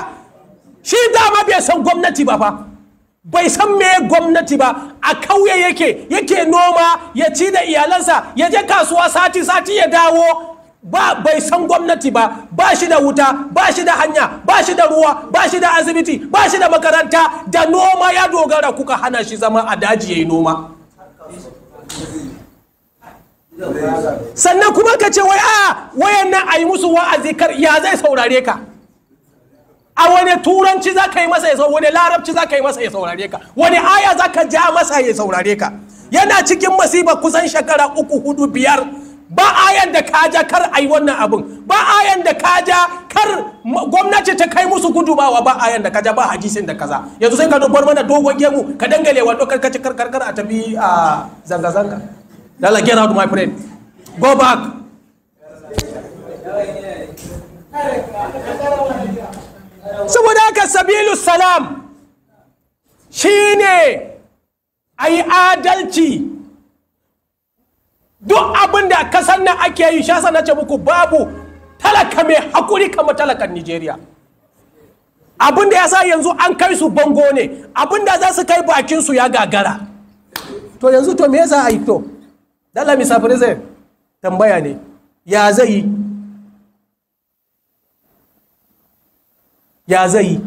shi dama bai san gwamnati ba fa bai san me gwamnati ba a kauye yake yake noma ya ci da iyalansa ya je kasuwa sati-sati ya dawo ba bai san gwamnati ba ba shi da wuta ba shi da hanya ba shi da ruwa ba shi da asibiti ba shi da makaranta da noma ya dogara kuka hana shi zama a daji ya yi noma sannan kuma ka ce wai a wayan nan a yi musu wa'azi kar ya zai saurare ka a wani turanci za ka yi masa ya saurare wani larabci za ka yi masa ya saurare ka wani aya za ka ja masa ya saurare ka yana cikin masifa kusan shekara uku hudu biyar ba ayan da kaja kar a yi wannan abun ba ayan da kaja kar gwamnati ta kai musu gudu ba ayan da kaja ba hadisin da kaza yanzu sai ka dubar mana dogon gemu ka dangale wa dokar kace kar kar a tafi a zanga zanga lala get out my friend go back saboda ka sabilu salam shine ai adalci duk abin da kasan nan ake yi shasa na ce muku babu talaka mai hakuri kamar talakan nigeria abin da ya sa yanzu an kai su bango ne abin da za su kai bakin su ya gagara to yanzu to me yasa a yi to dala misafiri zai tambaya ne ya zai yi ya zai yi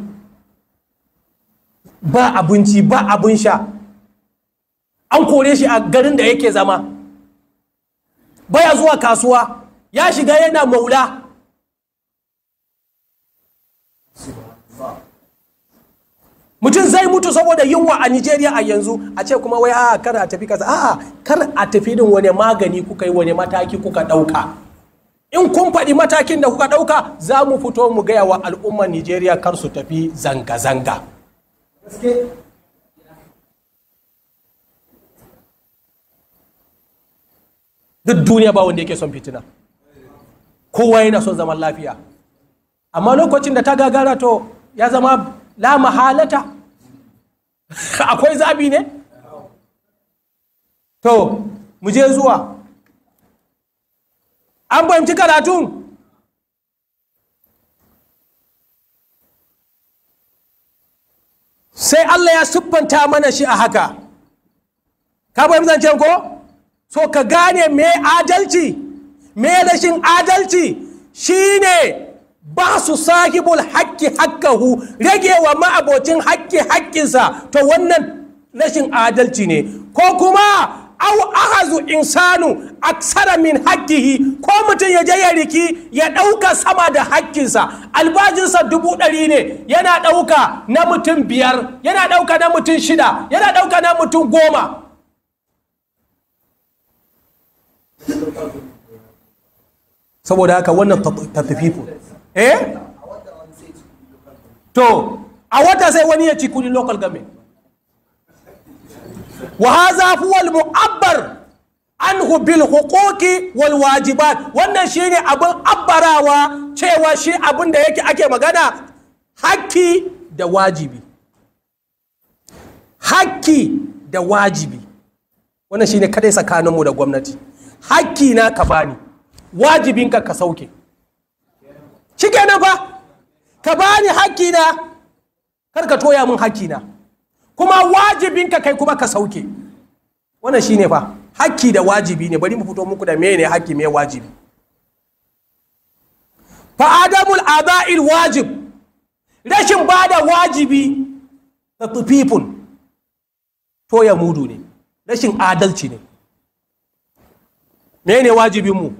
ba abinci ba abin sha an kore shi a garin da yake zama baya zuwa kasuwa ya shiga yana maula mutum zai mutu saboda yunwa a nigeria a yanzu a ce kuma wai a kar a tafi kasa a kar a tafi din wani magani kuka yi wani mataki kuka ɗauka in kun faɗi matakin da kuka ɗauka za mu fito mu gaya wa al'ummar nigeria kar su tafi zanga-zanga duk duniya ba wanda yake son fitina kowa yana son zaman lafiya amma lokacin da ta gagara to ya zama la mahalata akwai zabi ne to mu je zuwa an fahimci karatu, sai Allah ya siffanta mana shi a haka ka fahimci zancen ko so ka gane me adalci me rashin adalci shine ba su sahibul haƙƙi haƙƙahu rage wa ma'abocin haƙƙi haƙƙinsa to wannan rashin adalci ne ko kuma au ahazu insanu aksara min haƙƙihi ko mutum ya je ya riki ya ɗauka sama da haƙƙinsa albajinsa dubu ɗari ne yana ɗauka na mutum biyar yana ɗauka na mutum shida yana ɗauka na mutum goma saboda haka wannan tattafifu eh to a wata sai wani ya ci kudin local government wa haza huwa al mu'abbar anhu bil huquqi wal wajibat wannan shine abin abbarawa cewa shi abin da yake ake magana haƙƙi da wajibi haƙƙi da wajibi wannan shine kadai tsakaninmu da gwamnati haƙƙi na ka bani wajibinka ka sauke cike na fa ka bani hakkina kar ka toya min hakkina kuma wajibinka kai kuma ka sauke wannan shine fa hakki da wajibi ne bari mu fito muku da mene hakki me wajibi fa adamul Abail wajib rashin bada wajibi ga people toya mudu ne rashin adalci ne mene wajibin mu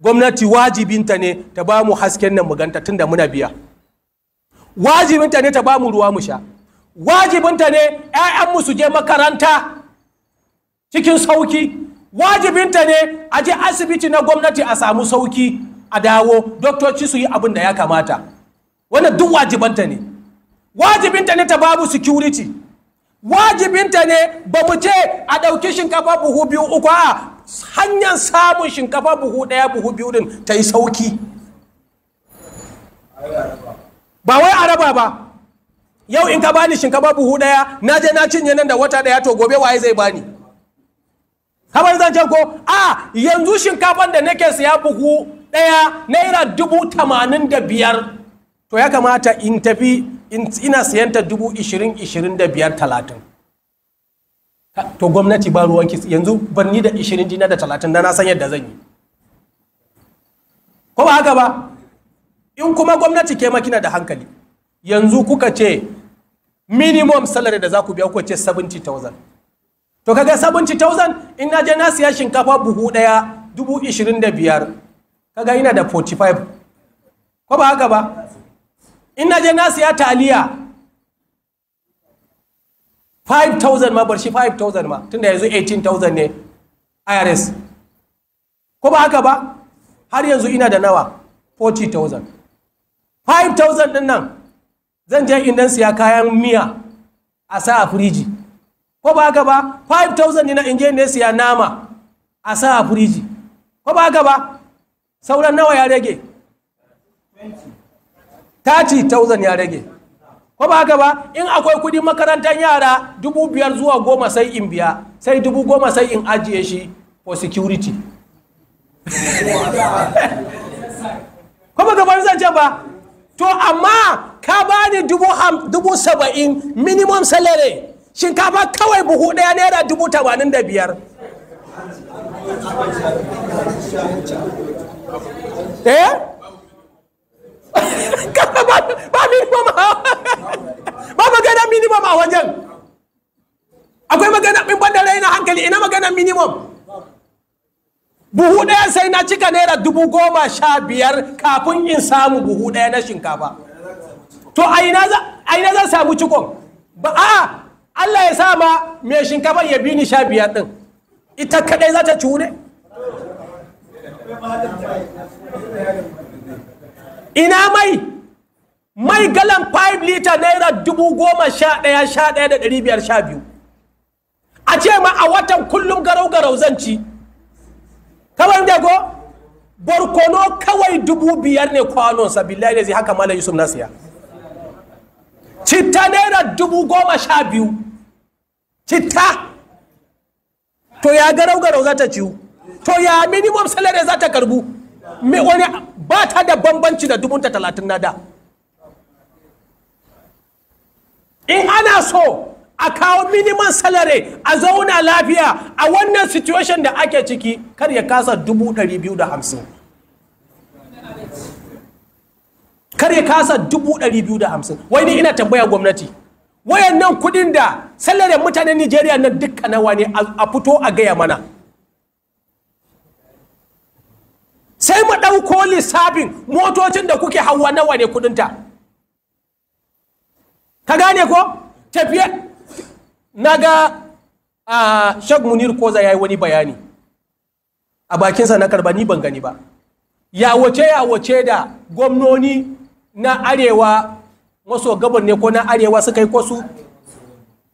gwamnati wajibinta ne ta ba mu hasken nan muganta tunda muna biya wajibinta ne ta ba mu ruwa mu sha wajibinta ne 'ya'yanmu su je makaranta cikin sauki wajibinta ne a je asibiti na gwamnati a samu sauki a dawo doktoci su yi abin da ya kamata wannan duk wajibanta ne wajibinta ne ta ba mu security wajibinta ne ba mu ce a ɗauki shinkafa buhu biyu uku a hanyar samun shinkafa buhu ɗaya buhu biyu din ta yi sauki ba wai araba ba yau in ka bani shinkafa buhu ɗaya na je na cinye nan da wata ɗaya to gobe waye zai bani kamar zancen ko a yanzu shinkafan da nake siya buhu ɗaya naira dubu tamanin da biyar to ya kamata in tafi ina siyanta dubu ishirin ishirin da biyar talatin to gwamnati ba ruwan kis yanzu ban ni da 20 dina da 30 na na san yadda zan yi ko ba haka ba in kuma gwamnati ke makina da hankali yanzu kuka ce minimum salary da za ku biya kuka ce 70,000 to kaga 70,000 in na je na siya shinkafa buhu daya 25,000 kaga ina da 45 ko ba haka ba in na je na siya taliya 5000 ma bar shi 5000 ma tunda yanzu 18000 ne irs ko ba haka ba har yanzu ina da nawa 40000 5000 din nan zan je inda siya kayan miya a sa a firiji ko ba haka ba 5000 ne na inje ne siya nama a sa a firiji ko ba haka ba sauran nawa ya rage 30000 ya rage ko ba haka ba in akwai kudin makarantar yara dubu biyar zuwa goma sai in biya sai dubu goma sai in ajiye shi for security ko ba gaban zance ba to amma ka bani dubu saba'in minimum salary shinkafa kawai buhu ɗaya naira dubu tamanin da biyar eh ba minimum ba magana minimum a wajen akwai magana min banda raina hankali ina magana minimum buhu ɗaya sai na cika naira dubu goma sha biyar kafin in samu buhu ɗaya na shinkafa to a ina zan samu cikon ba a Allah ya sama mai shinkafa ya bi ni sha biyar ɗin ita kaɗai za ta ciwu ne ina mai mai galan 5 litre naira dubu goma sha ɗaya sha ɗaya da ɗari biyar sha biyu a ce ma a watan kullum garau garau zan ci kamar da barkono kawai dubu biyar ne kwanonsa sabi da zai haka malam yusuf na siya citta naira dubu goma sha biyu citta to ya garau garau za ta ciwu to ya minimum salary za ta karbu me ba ta da bambanci da dubunta talatin na da in ana so a kawo minimum salary a zauna lafiya a wannan situation da ake ciki kar ya kasa dubu ɗari biyu da hamsin kar ya kasa dubu ɗari biyu da hamsin wai ni ina tambaya gwamnati wayannan kudin da salarin mutanen nigeria na dukkanawa nawa ne a fito a gaya mana sai mu ɗauko lissafin motocin da kuke hawa nawa ne kudinta ka gane ko tafiya na ga a shag munir koza ya yi wani bayani a bakinsa na karba ni ban gani ba ya wace ya wace da gwamnoni na arewa maso gabar ne ko na arewa suka yi ko su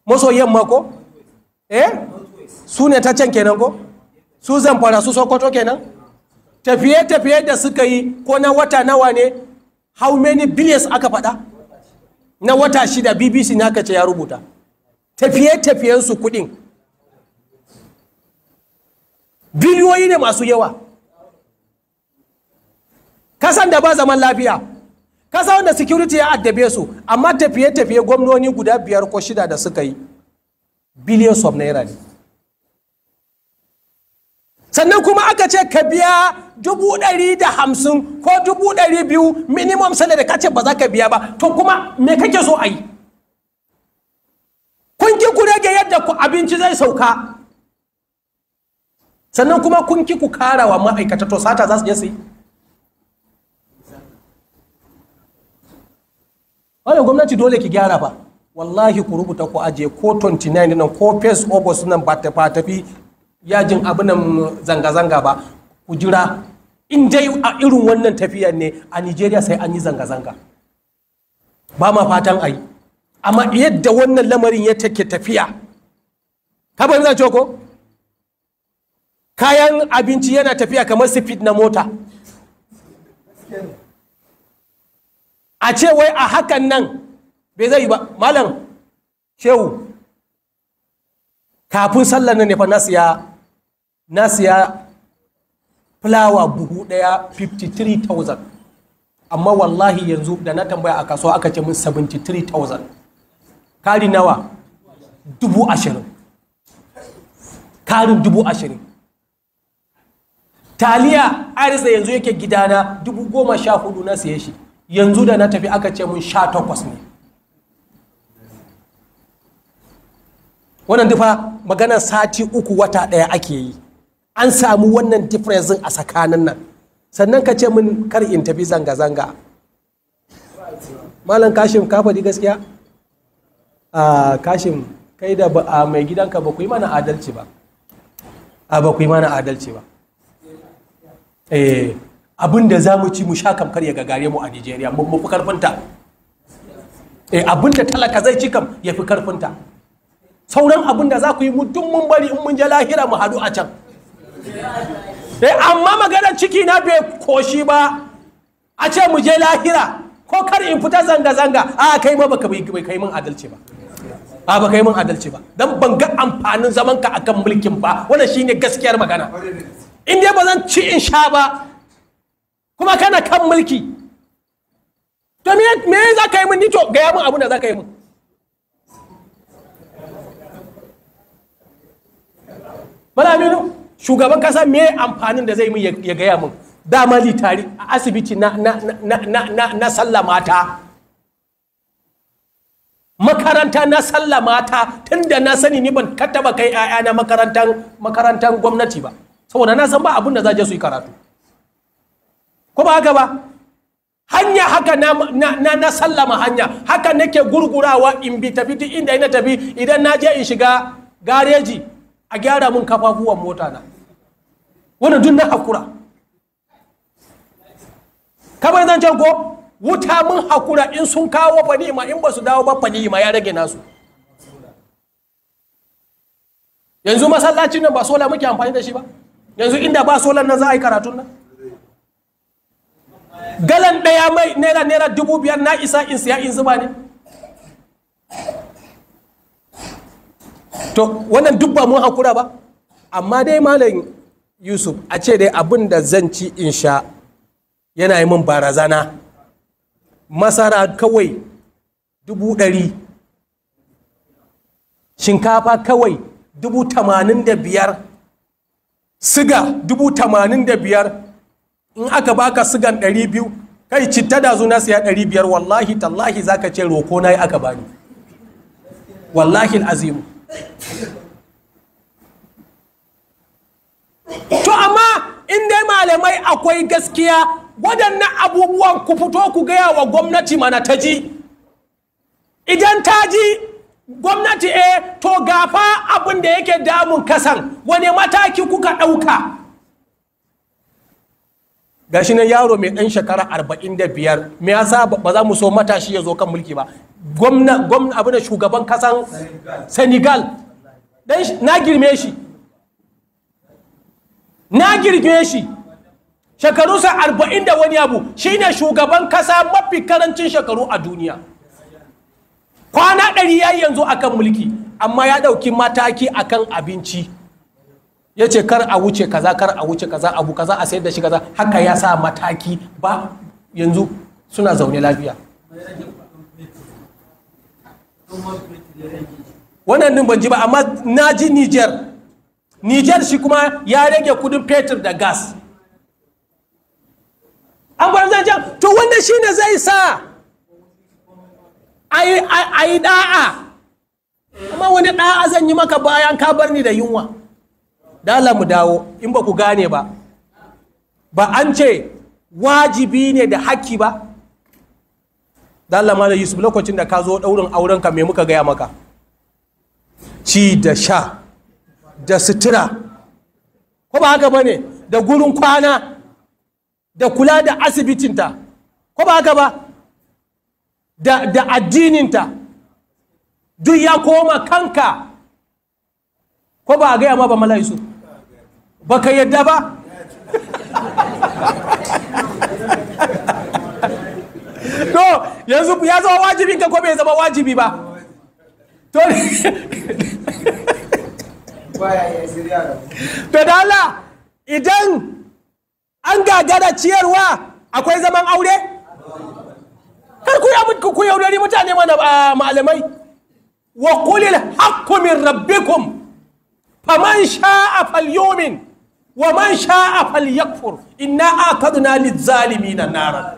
maso yamma ko eh su ne ta can kenan ko su zamfara su sokoto kenan tafiye-tafiye da suka yi ko na wata nawa ne how many billions aka faɗa na wata shida bbc naka ce ya rubuta tafiye-tafiyensu kuɗin biliyoyi ne masu yawa kasan da ba zaman lafiya kasan da security ya addabe su amma tafiye-tafiye gwamnoni guda biyar ko shida da suka yi billions of naira ne sannan kuma aka ce ka biya dubu ɗari da hamsin ko dubu ɗari biyu minimum salary ka ce ba za ka biya ba to kuma me kake so a yi kun ki ku rage yadda ku abinci zai sauka sannan kuma kun ki ku kara wa ma'aikata to sata za su je su yi wani gwamnati dole ki gyara ba wallahi ku rubuta ku ajiye ko 29 nan ko face obos nan ba ta tafi yajin abinan zanga-zanga ba ku jira in dai a irin wannan tafiyar ne a nigeria sai an yi zanga-zanga ba ma fatan a amma yadda wannan lamarin ya take tafiya ka banza ko kayan abinci yana tafiya kamar sifid na mota a ce wai a hakan nan bai zai ba malam shehu kafin sallar nan ne fa na na siya fulawa buhu ɗaya 53,000 amma wallahi yanzu da na tambaya a kasuwa aka ce min 73,000 kari nawa dubu ashirin karin dubu ashirin taliya arisa yanzu yake gidana dubu goma sha hudu na siye shi yanzu da na tafi aka ce mun sha takwas ne wannan dufa maganar sati uku wata ɗaya ake yi an samu wannan difference a tsakanin nan sannan ka ce min kar in tafi zanga-zanga malam kashim ka faɗi gaskiya a kashim kai da a mai gidanka ba ku yi mana adalci ba a ba ku yi mana adalci ba eh abin da za mu ci mu sha kamkar ya gagare mu a nigeria mu fi karfinta eh abin da talaka zai ci kam ya fi karfinta sauran abin da za ku yi mu dun mun bari in mun je lahira mu haɗu a can eh amma maganar ciki na bai koshi ba a ce mu je lahira ko kar in fita zanga-zanga a kai ma baka bai kai min adalci ba a baka yi min adalci ba dan ban ga amfanin zaman ka akan mulkin ba wannan shine gaskiyar magana in dai ba zan ci in sha ba kuma kana kan mulki to me me za ka yi min ni to gaya min abin da za ka yi min Mala Aminu, shugaban kasa me amfanin da zai yi ya gaya mun dama litari a asibiti na, na, na, makaranta na sallamata tun da na sani ni ban kattaba kai 'ya'yana makarantar makarantar gwamnati ba saboda na san ba abin da za je su yi karatu ko ba haka ba hanya haka na, na, na, sallama hanya haka nake gurgurawa in bi tafi inda ina tafi idan na je in shiga gareji a gyara mun kafafuwan mota na wani dun na hakura kamar zan can ko wuta mun hakura in sun kawo fa ma in ba su dawo ba fa ya rage nasu yanzu masallacin nan ba sola muke amfani da shi ba yanzu inda ba solar nan za a yi karatun nan galan daya mai naira naira dubu biyar na isa in siya in zuba ne to wannan duk ba mun hakura ba amma dai malam yusuf a ce dai abin da zan ci in sha yana yi min barazana masara kawai dubu ɗari shinkafa kawai dubu tamanin da biyar siga dubu tamanin da biyar in aka baka sigan ɗari biyu kai citta da zuna siya ɗari biyar wallahi tallahi zaka ce roko na yi aka bani wallahi azimu to amma in dai malamai akwai gaskiya waɗannan abubuwan ku fito ku gaya wa gwamnati mana ta ji idan ta ji gwamnati eh to gafa abin da yake damun kasan wani mataki kuka ɗauka shi nan yaro mai ɗan shekara arba'in da biyar me yasa ba za mu so matashi ya zo kan mulki ba gwamna gwamna abu na shugaban kasan senegal na girme shi na girme shi shekarunsa arba'in da wani abu shine shugaban kasa mafi karancin shekaru a duniya kwana ɗari ya yanzu akan mulki amma ya ɗauki mataki akan abinci ya ce kar a wuce kaza kar a wuce kaza abu kaza a sayar da shi kaza haka ya sa mataki ba yanzu suna zaune lafiya wannan din ban ji ba amma na ji niger niger shi kuma ya rage kudin fetur da gas an bar zancen to shi shine zai sa a yi da'a amma wani da'a zan yi maka bayan ka bar ni da yunwa dala mu dawo in ba ku gane ba ba an ce wajibi ne da haƙƙi ba dala da yusuf lokacin da ka zo ɗaurin auren ka me muka gaya maka ci da sha da sutura ko ba haka ba ne da gurin kwana da kula da asibitinta ko ba haka ba da, addininta duk ya koma kanka ko ba a gaya ma ba mala'isu baka yadda ba to yanzu ya zama wajibin ka ko bai zama wajibi ba to to da Allah idan an gagara ciyarwa akwai zaman aure kar ku ku yaudari mutane mana malamai wa qulil haqqu min rabbikum faman sha'a falyumin wa man sha'a yakfur, inna akadna lizzalimina nara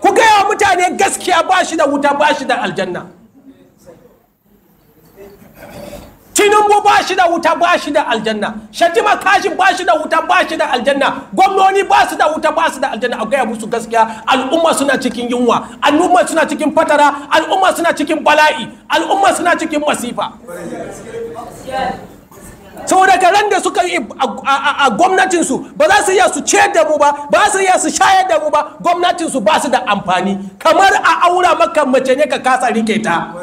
ku ga yawa mutane gaskiya ba shi da wuta ba shi da aljanna tinubu ba shi da wuta ba shi da aljanna shatima kashin ba shi da wuta ba shi da aljanna gwamnoni ba su da wuta ba su da aljanna a gaya musu gaskiya al'umma suna cikin yunwa al'umma suna cikin fatara al'umma suna cikin bala'i al'umma suna cikin masifa saboda ran da suka yi a gwamnatinsu ba za su iya su ce da mu ba ba su iya su shayar da mu ba gwamnatinsu ba su da amfani kamar a aura maka mace ne ka kasa rike ta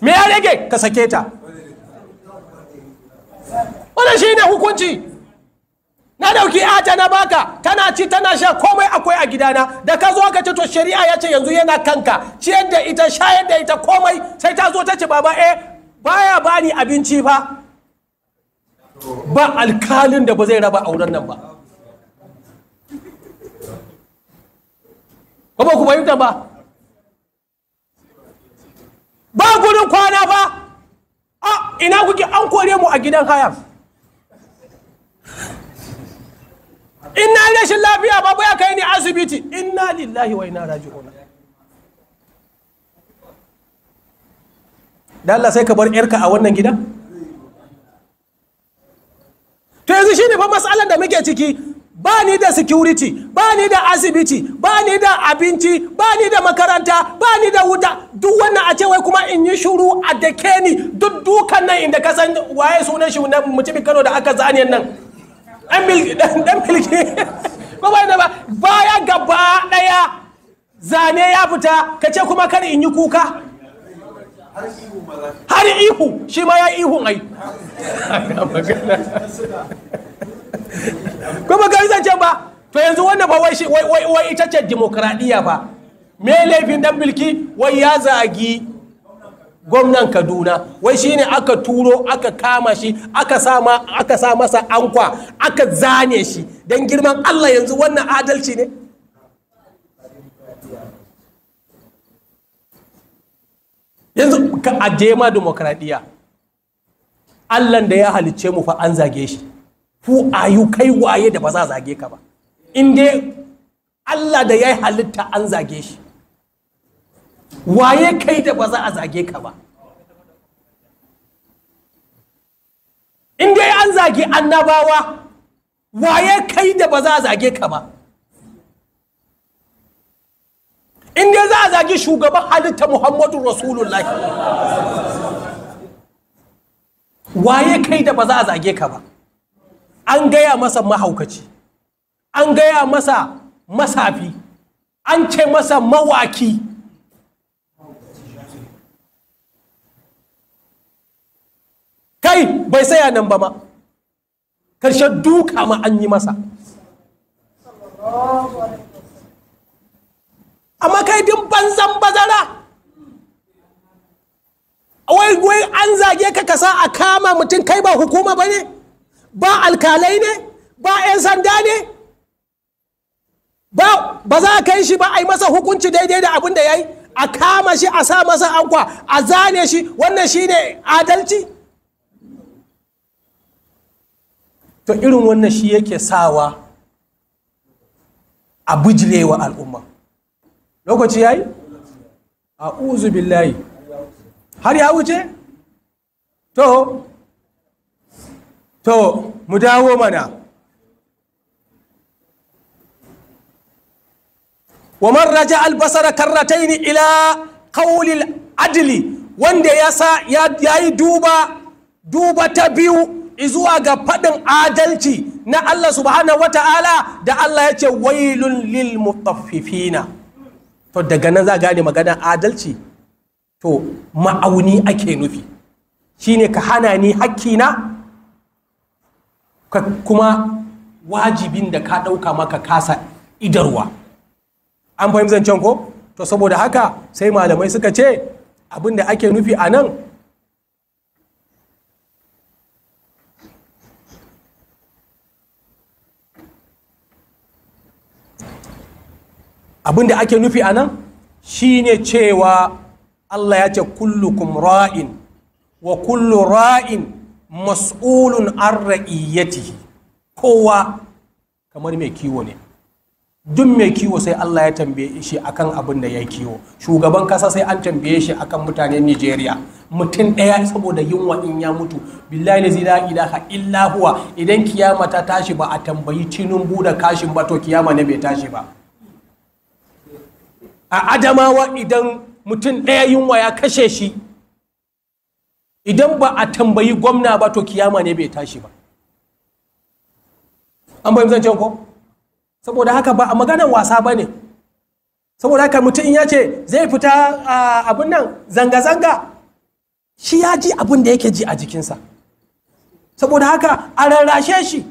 me ya rage ka sake ta wannan shi ne hukunci na dauki ta na baka tana ci tana sha komai akwai a gidana da ka zo ka ci to shari'a ya ce yanzu yana kanka ciyar da ita shayar da ita komai sai ta zo ta ci baba eh baya bani abinci ba. ba alkalin da ba zai raba a wurin nan ba ba ba ku fahimta ba ba gudun kwana ba a ina kuke an kore mu a gidan haya Ina rashin lafiya ba ya kai ni asibiti inna lillahi wa inna ona da Allah sai ka bar yarka a wannan gidan to yanzu shine fa matsalar da muke ciki ba ni da security ba ni da asibiti ba ni da abinci ba ni da makaranta ba ni da wuta duk wannan a cewa kuma in yi shuru a dake ni duk dukan nan inda ka san waye sunan shi mutumin Kano da aka zaniyan nan dan bilki ko ba ba baya gaba daya zane ya fita kace kuma kar in yi kuka har ihu shi ma ya ihu ai kuma ga zancen ba to yanzu wanda ba wai ita ce demokradiya ba me laifin dan bilki wai ya zagi gwamnan kaduna wai shine aka turo aka kama shi aka sa masa ankwa aka zane shi dan girman allah yanzu wannan adalci ne yanzu ka ajiye ma demokradiyya Allah da ya halicce mu fa an zage shi ku ayu kai waye da ba za zage ka ba in dai Allah da ya halitta an zage shi waye kai da ba za a zage ka ba in dai an zage annabawa waye kai da ba za a zage ka ba in dai za a zagi shugaban halitta muhammadu rasulullah waye kai da ba za a zage ka ba an gaya masa mahaukaci an gaya masa masafi an ce masa mawaki kai bai saya nan ba ma karshen duka ma an yi masa A kai din banzan bazara wai wai an zage ka kasa a kama mutum kai ba hukuma ba ne ba alkalai ne ba 'yan sanda ne ba ba za a kai shi ba a yi masa hukunci daidai da abin da ya yi a kama shi a sa masa ankwa a zane shi wannan shi ne adalci to irin wannan shi yake sawa a bijilewa al'umma lokaci ya yi? A uzu billahi har ya wuce to to mu dawo mana wa marraja albasara karrataini ila قول العدل wanda ya sa ya yi duba duba ta biyu zuwa ga faɗin adalci na Allah subhanahu wata'ala da Allah ya ce wailun lil mutaffifina to daga nan za gane magana adalci to ma'auni ake nufi shine ka hana ni hakkina ka kuma wajibin da ka ɗauka maka kasa idarwa an fahimzancen ko to saboda haka sai malamai suka ce abin da ake nufi a nan abin da ake nufi anan nan shine cewa Allah ya ce kullukum ra'in wa kullu ra'in mas'ulun an ra'iyyatihi kowa kamar mai kiwo ne duk mai kiwo sai Allah ya tambaye shi akan abin da ya kiwo shugaban kasa sai an tambaye shi akan mutanen Nigeria mutum ɗaya saboda yunwa in ya mutu billahi zina ilaha illa huwa idan kiyama ta tashi ba a tambayi cinin da kashin ba to kiyama ne bai tashi ba a adamawa idan mutum ɗaya yunwa ya kashe shi idan ba a tambayi gwamna ba to kiyama ne bai tashi ba an bayan zancen ko saboda haka ba a maganar wasa ba ne saboda haka mutum ya ce zai fita abin nan zanga-zanga shi ya ji abin da yake ji a jikinsa saboda haka a rarrashe shi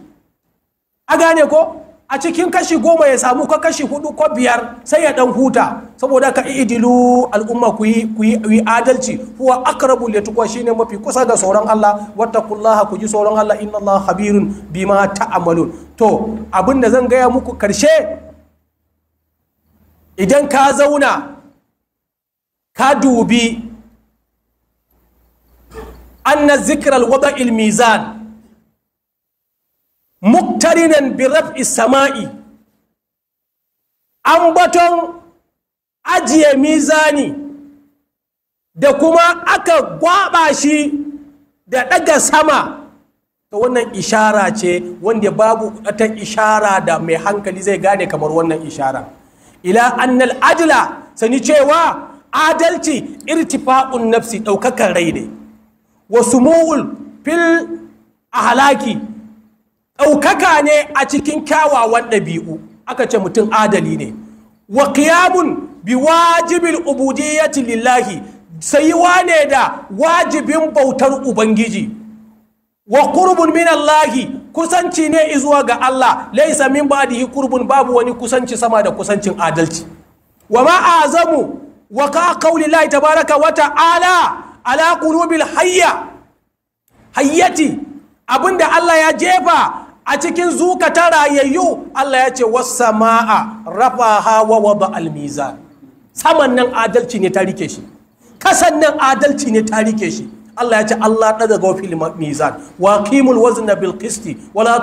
a gane ko a cikin kashi goma ya samu ko kashi hudu ko biyar sai ya dan huta saboda ka idilu al'umma ku yi adalci. yi adalci huwa aqrabu litaqwa shine mafi kusa da sauran Allah wattaqullaha ku ji sauran Allah inna Allah khabirun bima ta'malun to abin da zan gaya muku karshe idan ka zauna ka dubi anna zikral wada'il mizan mu. mukarinan biraf isama'i an baton ajiye mizani da kuma aka gwaba shi da ɗaga sama ta wannan ishara ce wanda babu ta ishara da mai hankali zai gane kamar wannan ishara ila annal ajila sani cewa adalci irtifa'un nafsi ɗaukakar rai ne wasu mu'ul fil ahalaki ɗaukaka ne a cikin kyawawan ɗabi'u aka ce mutum adali ne wa bi wajibin ubudiyyati lillahi sayiwa ne da wajibin bautar ubangiji wa qurbun min allahi kusanci ne izuwa ga Allah laisa min ba'dihi kurbun babu wani kusanci sama da kusancin adalci wa ma azamu wa ka qawli tabaraka wa ta'ala ala qulubil hayya hayyati abinda Allah ya jefa a cikin zukata rayayyu Allah ya ce wasa a rafa hawa wa ba almiza saman nan adalci ne ta rike shi kasan nan adalci ne ta rike shi Allah ya ce Allah ɗaga ga fil mizan wa qimul wazna bil qisti wa la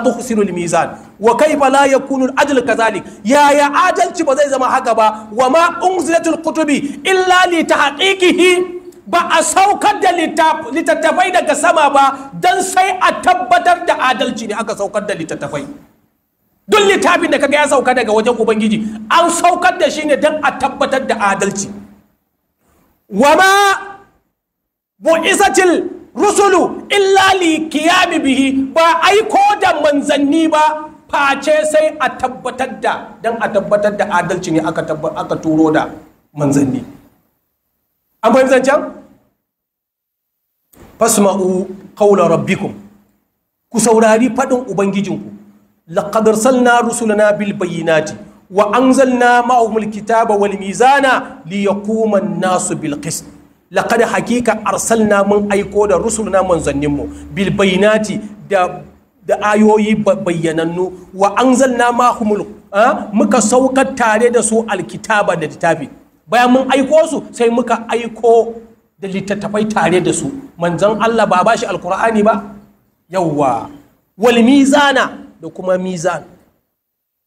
mizan wa kayfa la yakunu al adl kadhalik ya ya adalci ba zai zama haka ba wa ma unzilatul kutubi illa li tahqiqihi ba a saukar da littattafai daga sama ba don sai a tabbatar da adalci ne aka saukar da littattafai duk littafin da kaga ya sauka daga wajen ubangiji an saukar da shi ne don a tabbatar da adalci wama bu'isatil rusulu illa li kiyami bihi ba aiko da manzanni ba face sai a tabbatar da don a tabbatar da adalci ne aka turo da manzanni an fahimci zancen fasma'u qawla rabbikum ku saurari fadin ubangijinku laqad arsalna rusulana bil bayyinati wa anzalna ma'ahumul kitaba wal mizana liyaquma an-nasu bil qist laqad hakika arsalna mun aiko da rusulna manzanninmu bil bayyinati da da ayoyi bayyanannu wa anzalna ma'ahumul muka saukar tare da su alkitaba da littafi bayan mun aiko su sai muka aiko da littattafai tare da su manzon Allah ba bashi alkur'ani ba yawwa wal mizana da kuma mizan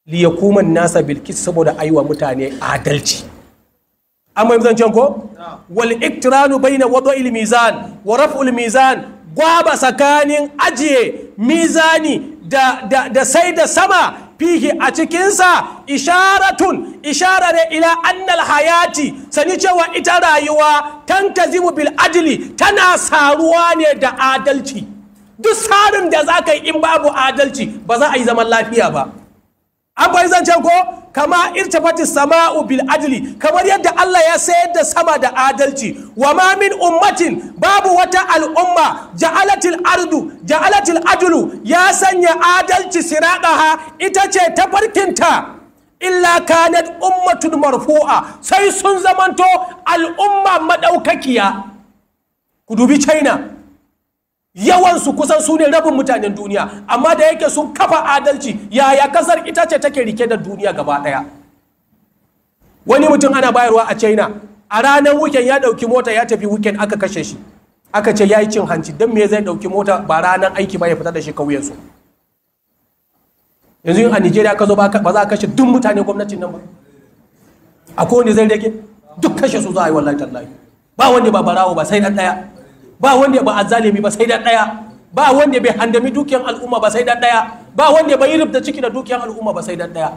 li yakuma nasa bil saboda aiwa mutane adalci amma yanzu zancen ko wal iktiranu baina wada'il mizan wa raf'ul mizan gwaba tsakanin ajiye mizani da da da sai da sama fihi a cikinsa isharatun isharare ila annal hayati sani cewa ita rayuwa tantazimu bil ajli tana saruwa ne da adalci duk sarin da za ka yi in babu adalci ba za a yi zaman lafiya ba an bai zancen ko kama irtafati sama'u bil adli kamar yadda Allah ya sayar da sama da adalci wa ma min ummatin babu wata al'umma ja'alatil ardu ja'alatil adlu ya sanya adalci siraqaha ita ce ta farkinta illa kanat ummatun marfu'a sai sun zamanto al'umma madaukakiya ku dubi China yawansu kusan su ne rabin mutanen duniya amma da yake sun kafa adalci yaya kasar ita ce take rike da duniya gaba daya wani mutum ana bayarwa a china a ranar weekend ya dauki mota ya tafi weekend aka kashe shi aka ce ya yi cin hanci don me zai dauki mota ba ranar aiki ba ya fita da shi kauyensu yanzu a nigeria ka zo ba za a kashe duk mutane gwamnatin nan ba a kowane zai rage duk kashe su za a yi wallahi tallahi ba wanda ba barawo ba sai dan ɗaya ba wanda ba azalimi ba sai da daya ba wanda bai handami dukiyar al'umma ba sai da daya ba wanda bai da ciki da dukiyar al'umma ba sai da daya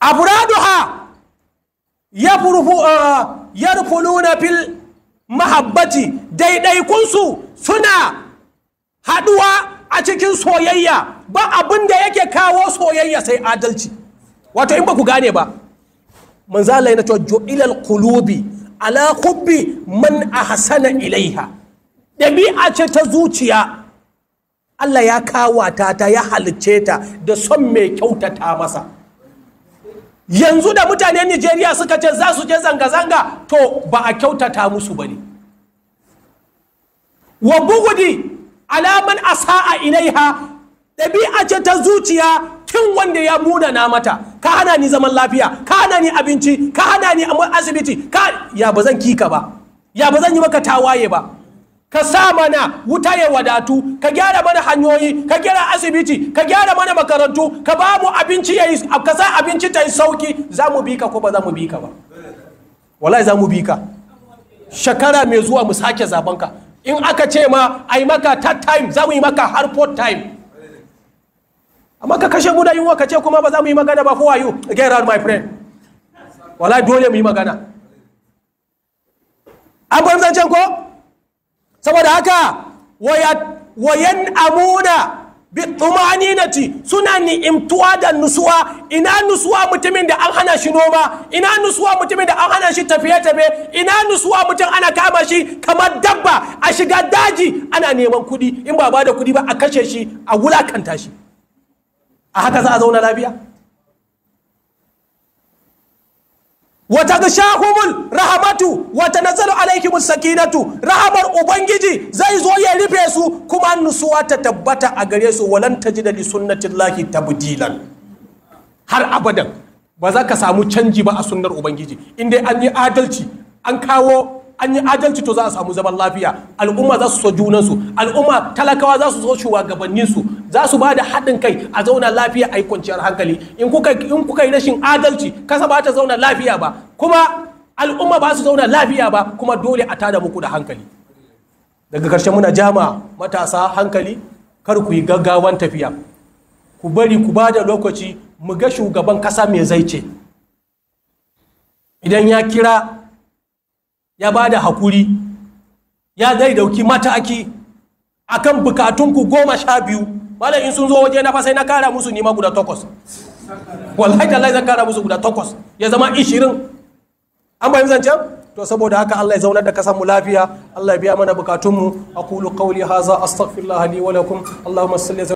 aburaduha rufu eh, luna fil mahabbati daidaikunsu suna haduwa a cikin soyayya ba abin da yake kawo soyayya sai adalci wato in ba ku gane ba manzala yana cewa jo'ilal qulubi ala hubbi man ahsana ilaiha ɗabi'a ce ta zuciya Allah ya kawata ta ya halicce ta da son mai kyautata masa yanzu da mutanen Nijeriya suka ce za su je zanga-zanga to ba a kyautata musu ba ne wa bugudi alaman asa'a ilaiha ɗabi'a ce ta zuciya kin wanda ya na mata ka hana ni zaman lafiya ka hana ni abinci ka hana ni asibiti ka ya ba zan kika ba ya ba zan yi maka tawaye ba ka sa mana wuta ya wadatu ka gyara mana hanyoyi ka gyara asibiti ka gyara mana makarantu ka ba mu abinci ya yi ka sa abinci ta yi sauki za mu bi ka ko ba za mu bi ka ba wallahi za mu bi ka shekara mai zuwa mu sake zaben ka in aka ce ma a yi maka third time za mu yi maka har fourth time amma ka kashe mu da yunwa ka ce kuma ba za mu yi magana ba who are you get around my friend wala dole mu yi magana an fahimta zancen ko saboda haka wayan amuna bi tumaninati suna ni'imtuwa da nusuwa ina nusuwa mutumin da an hana shi noma ina nusuwa mutumin da an hana shi tafiye tafiye ina nusuwa mutum ana kama shi kamar dabba a shiga daji ana neman kudi in ba ba da kudi ba a kashe shi a wulakanta shi a haka za a zauna lafiya wata ga shahumul rahamatu wata nazaru alaikimus sakinatu rahamar ubangiji zai zo ya rufe su kuma nusuwa ta tabbata a gare su walan sunnatin li ta budilan har abadan ba za ka samu canji ba a sunnar ubangiji inda an yi adalci an kawo an yi adalci to za a samu zaman lafiya al'umma za su so junansu al'umma talakawa za su so shugabanninsu za su ba da haɗin kai a zauna lafiya a yi kwanciyar hankali in kuka yi rashin adalci kasa ba ta zauna lafiya ba kuma al'umma ba su zauna lafiya ba kuma dole a tada muku da hankali daga ƙarshe muna jama matasa hankali kar ku yi gaggawan tafiya ku bari ku ba da lokaci mu ga shugaban kasa mai zai ce idan ya kira ya ba da hakuri ya zai dauki mataki a kan bukatunku goma sha biyu malam in sun zo waje na fasai na kara musu nima guda takwas wallahi da zan kara musu guda takwas ya zama ishirin an bayan zancen to saboda haka Allah ya zaunar da kasan mu lafiya Allah ya biya mana bukatunmu aqulu qawli hadha astaghfirullah li wa lakum allahumma salli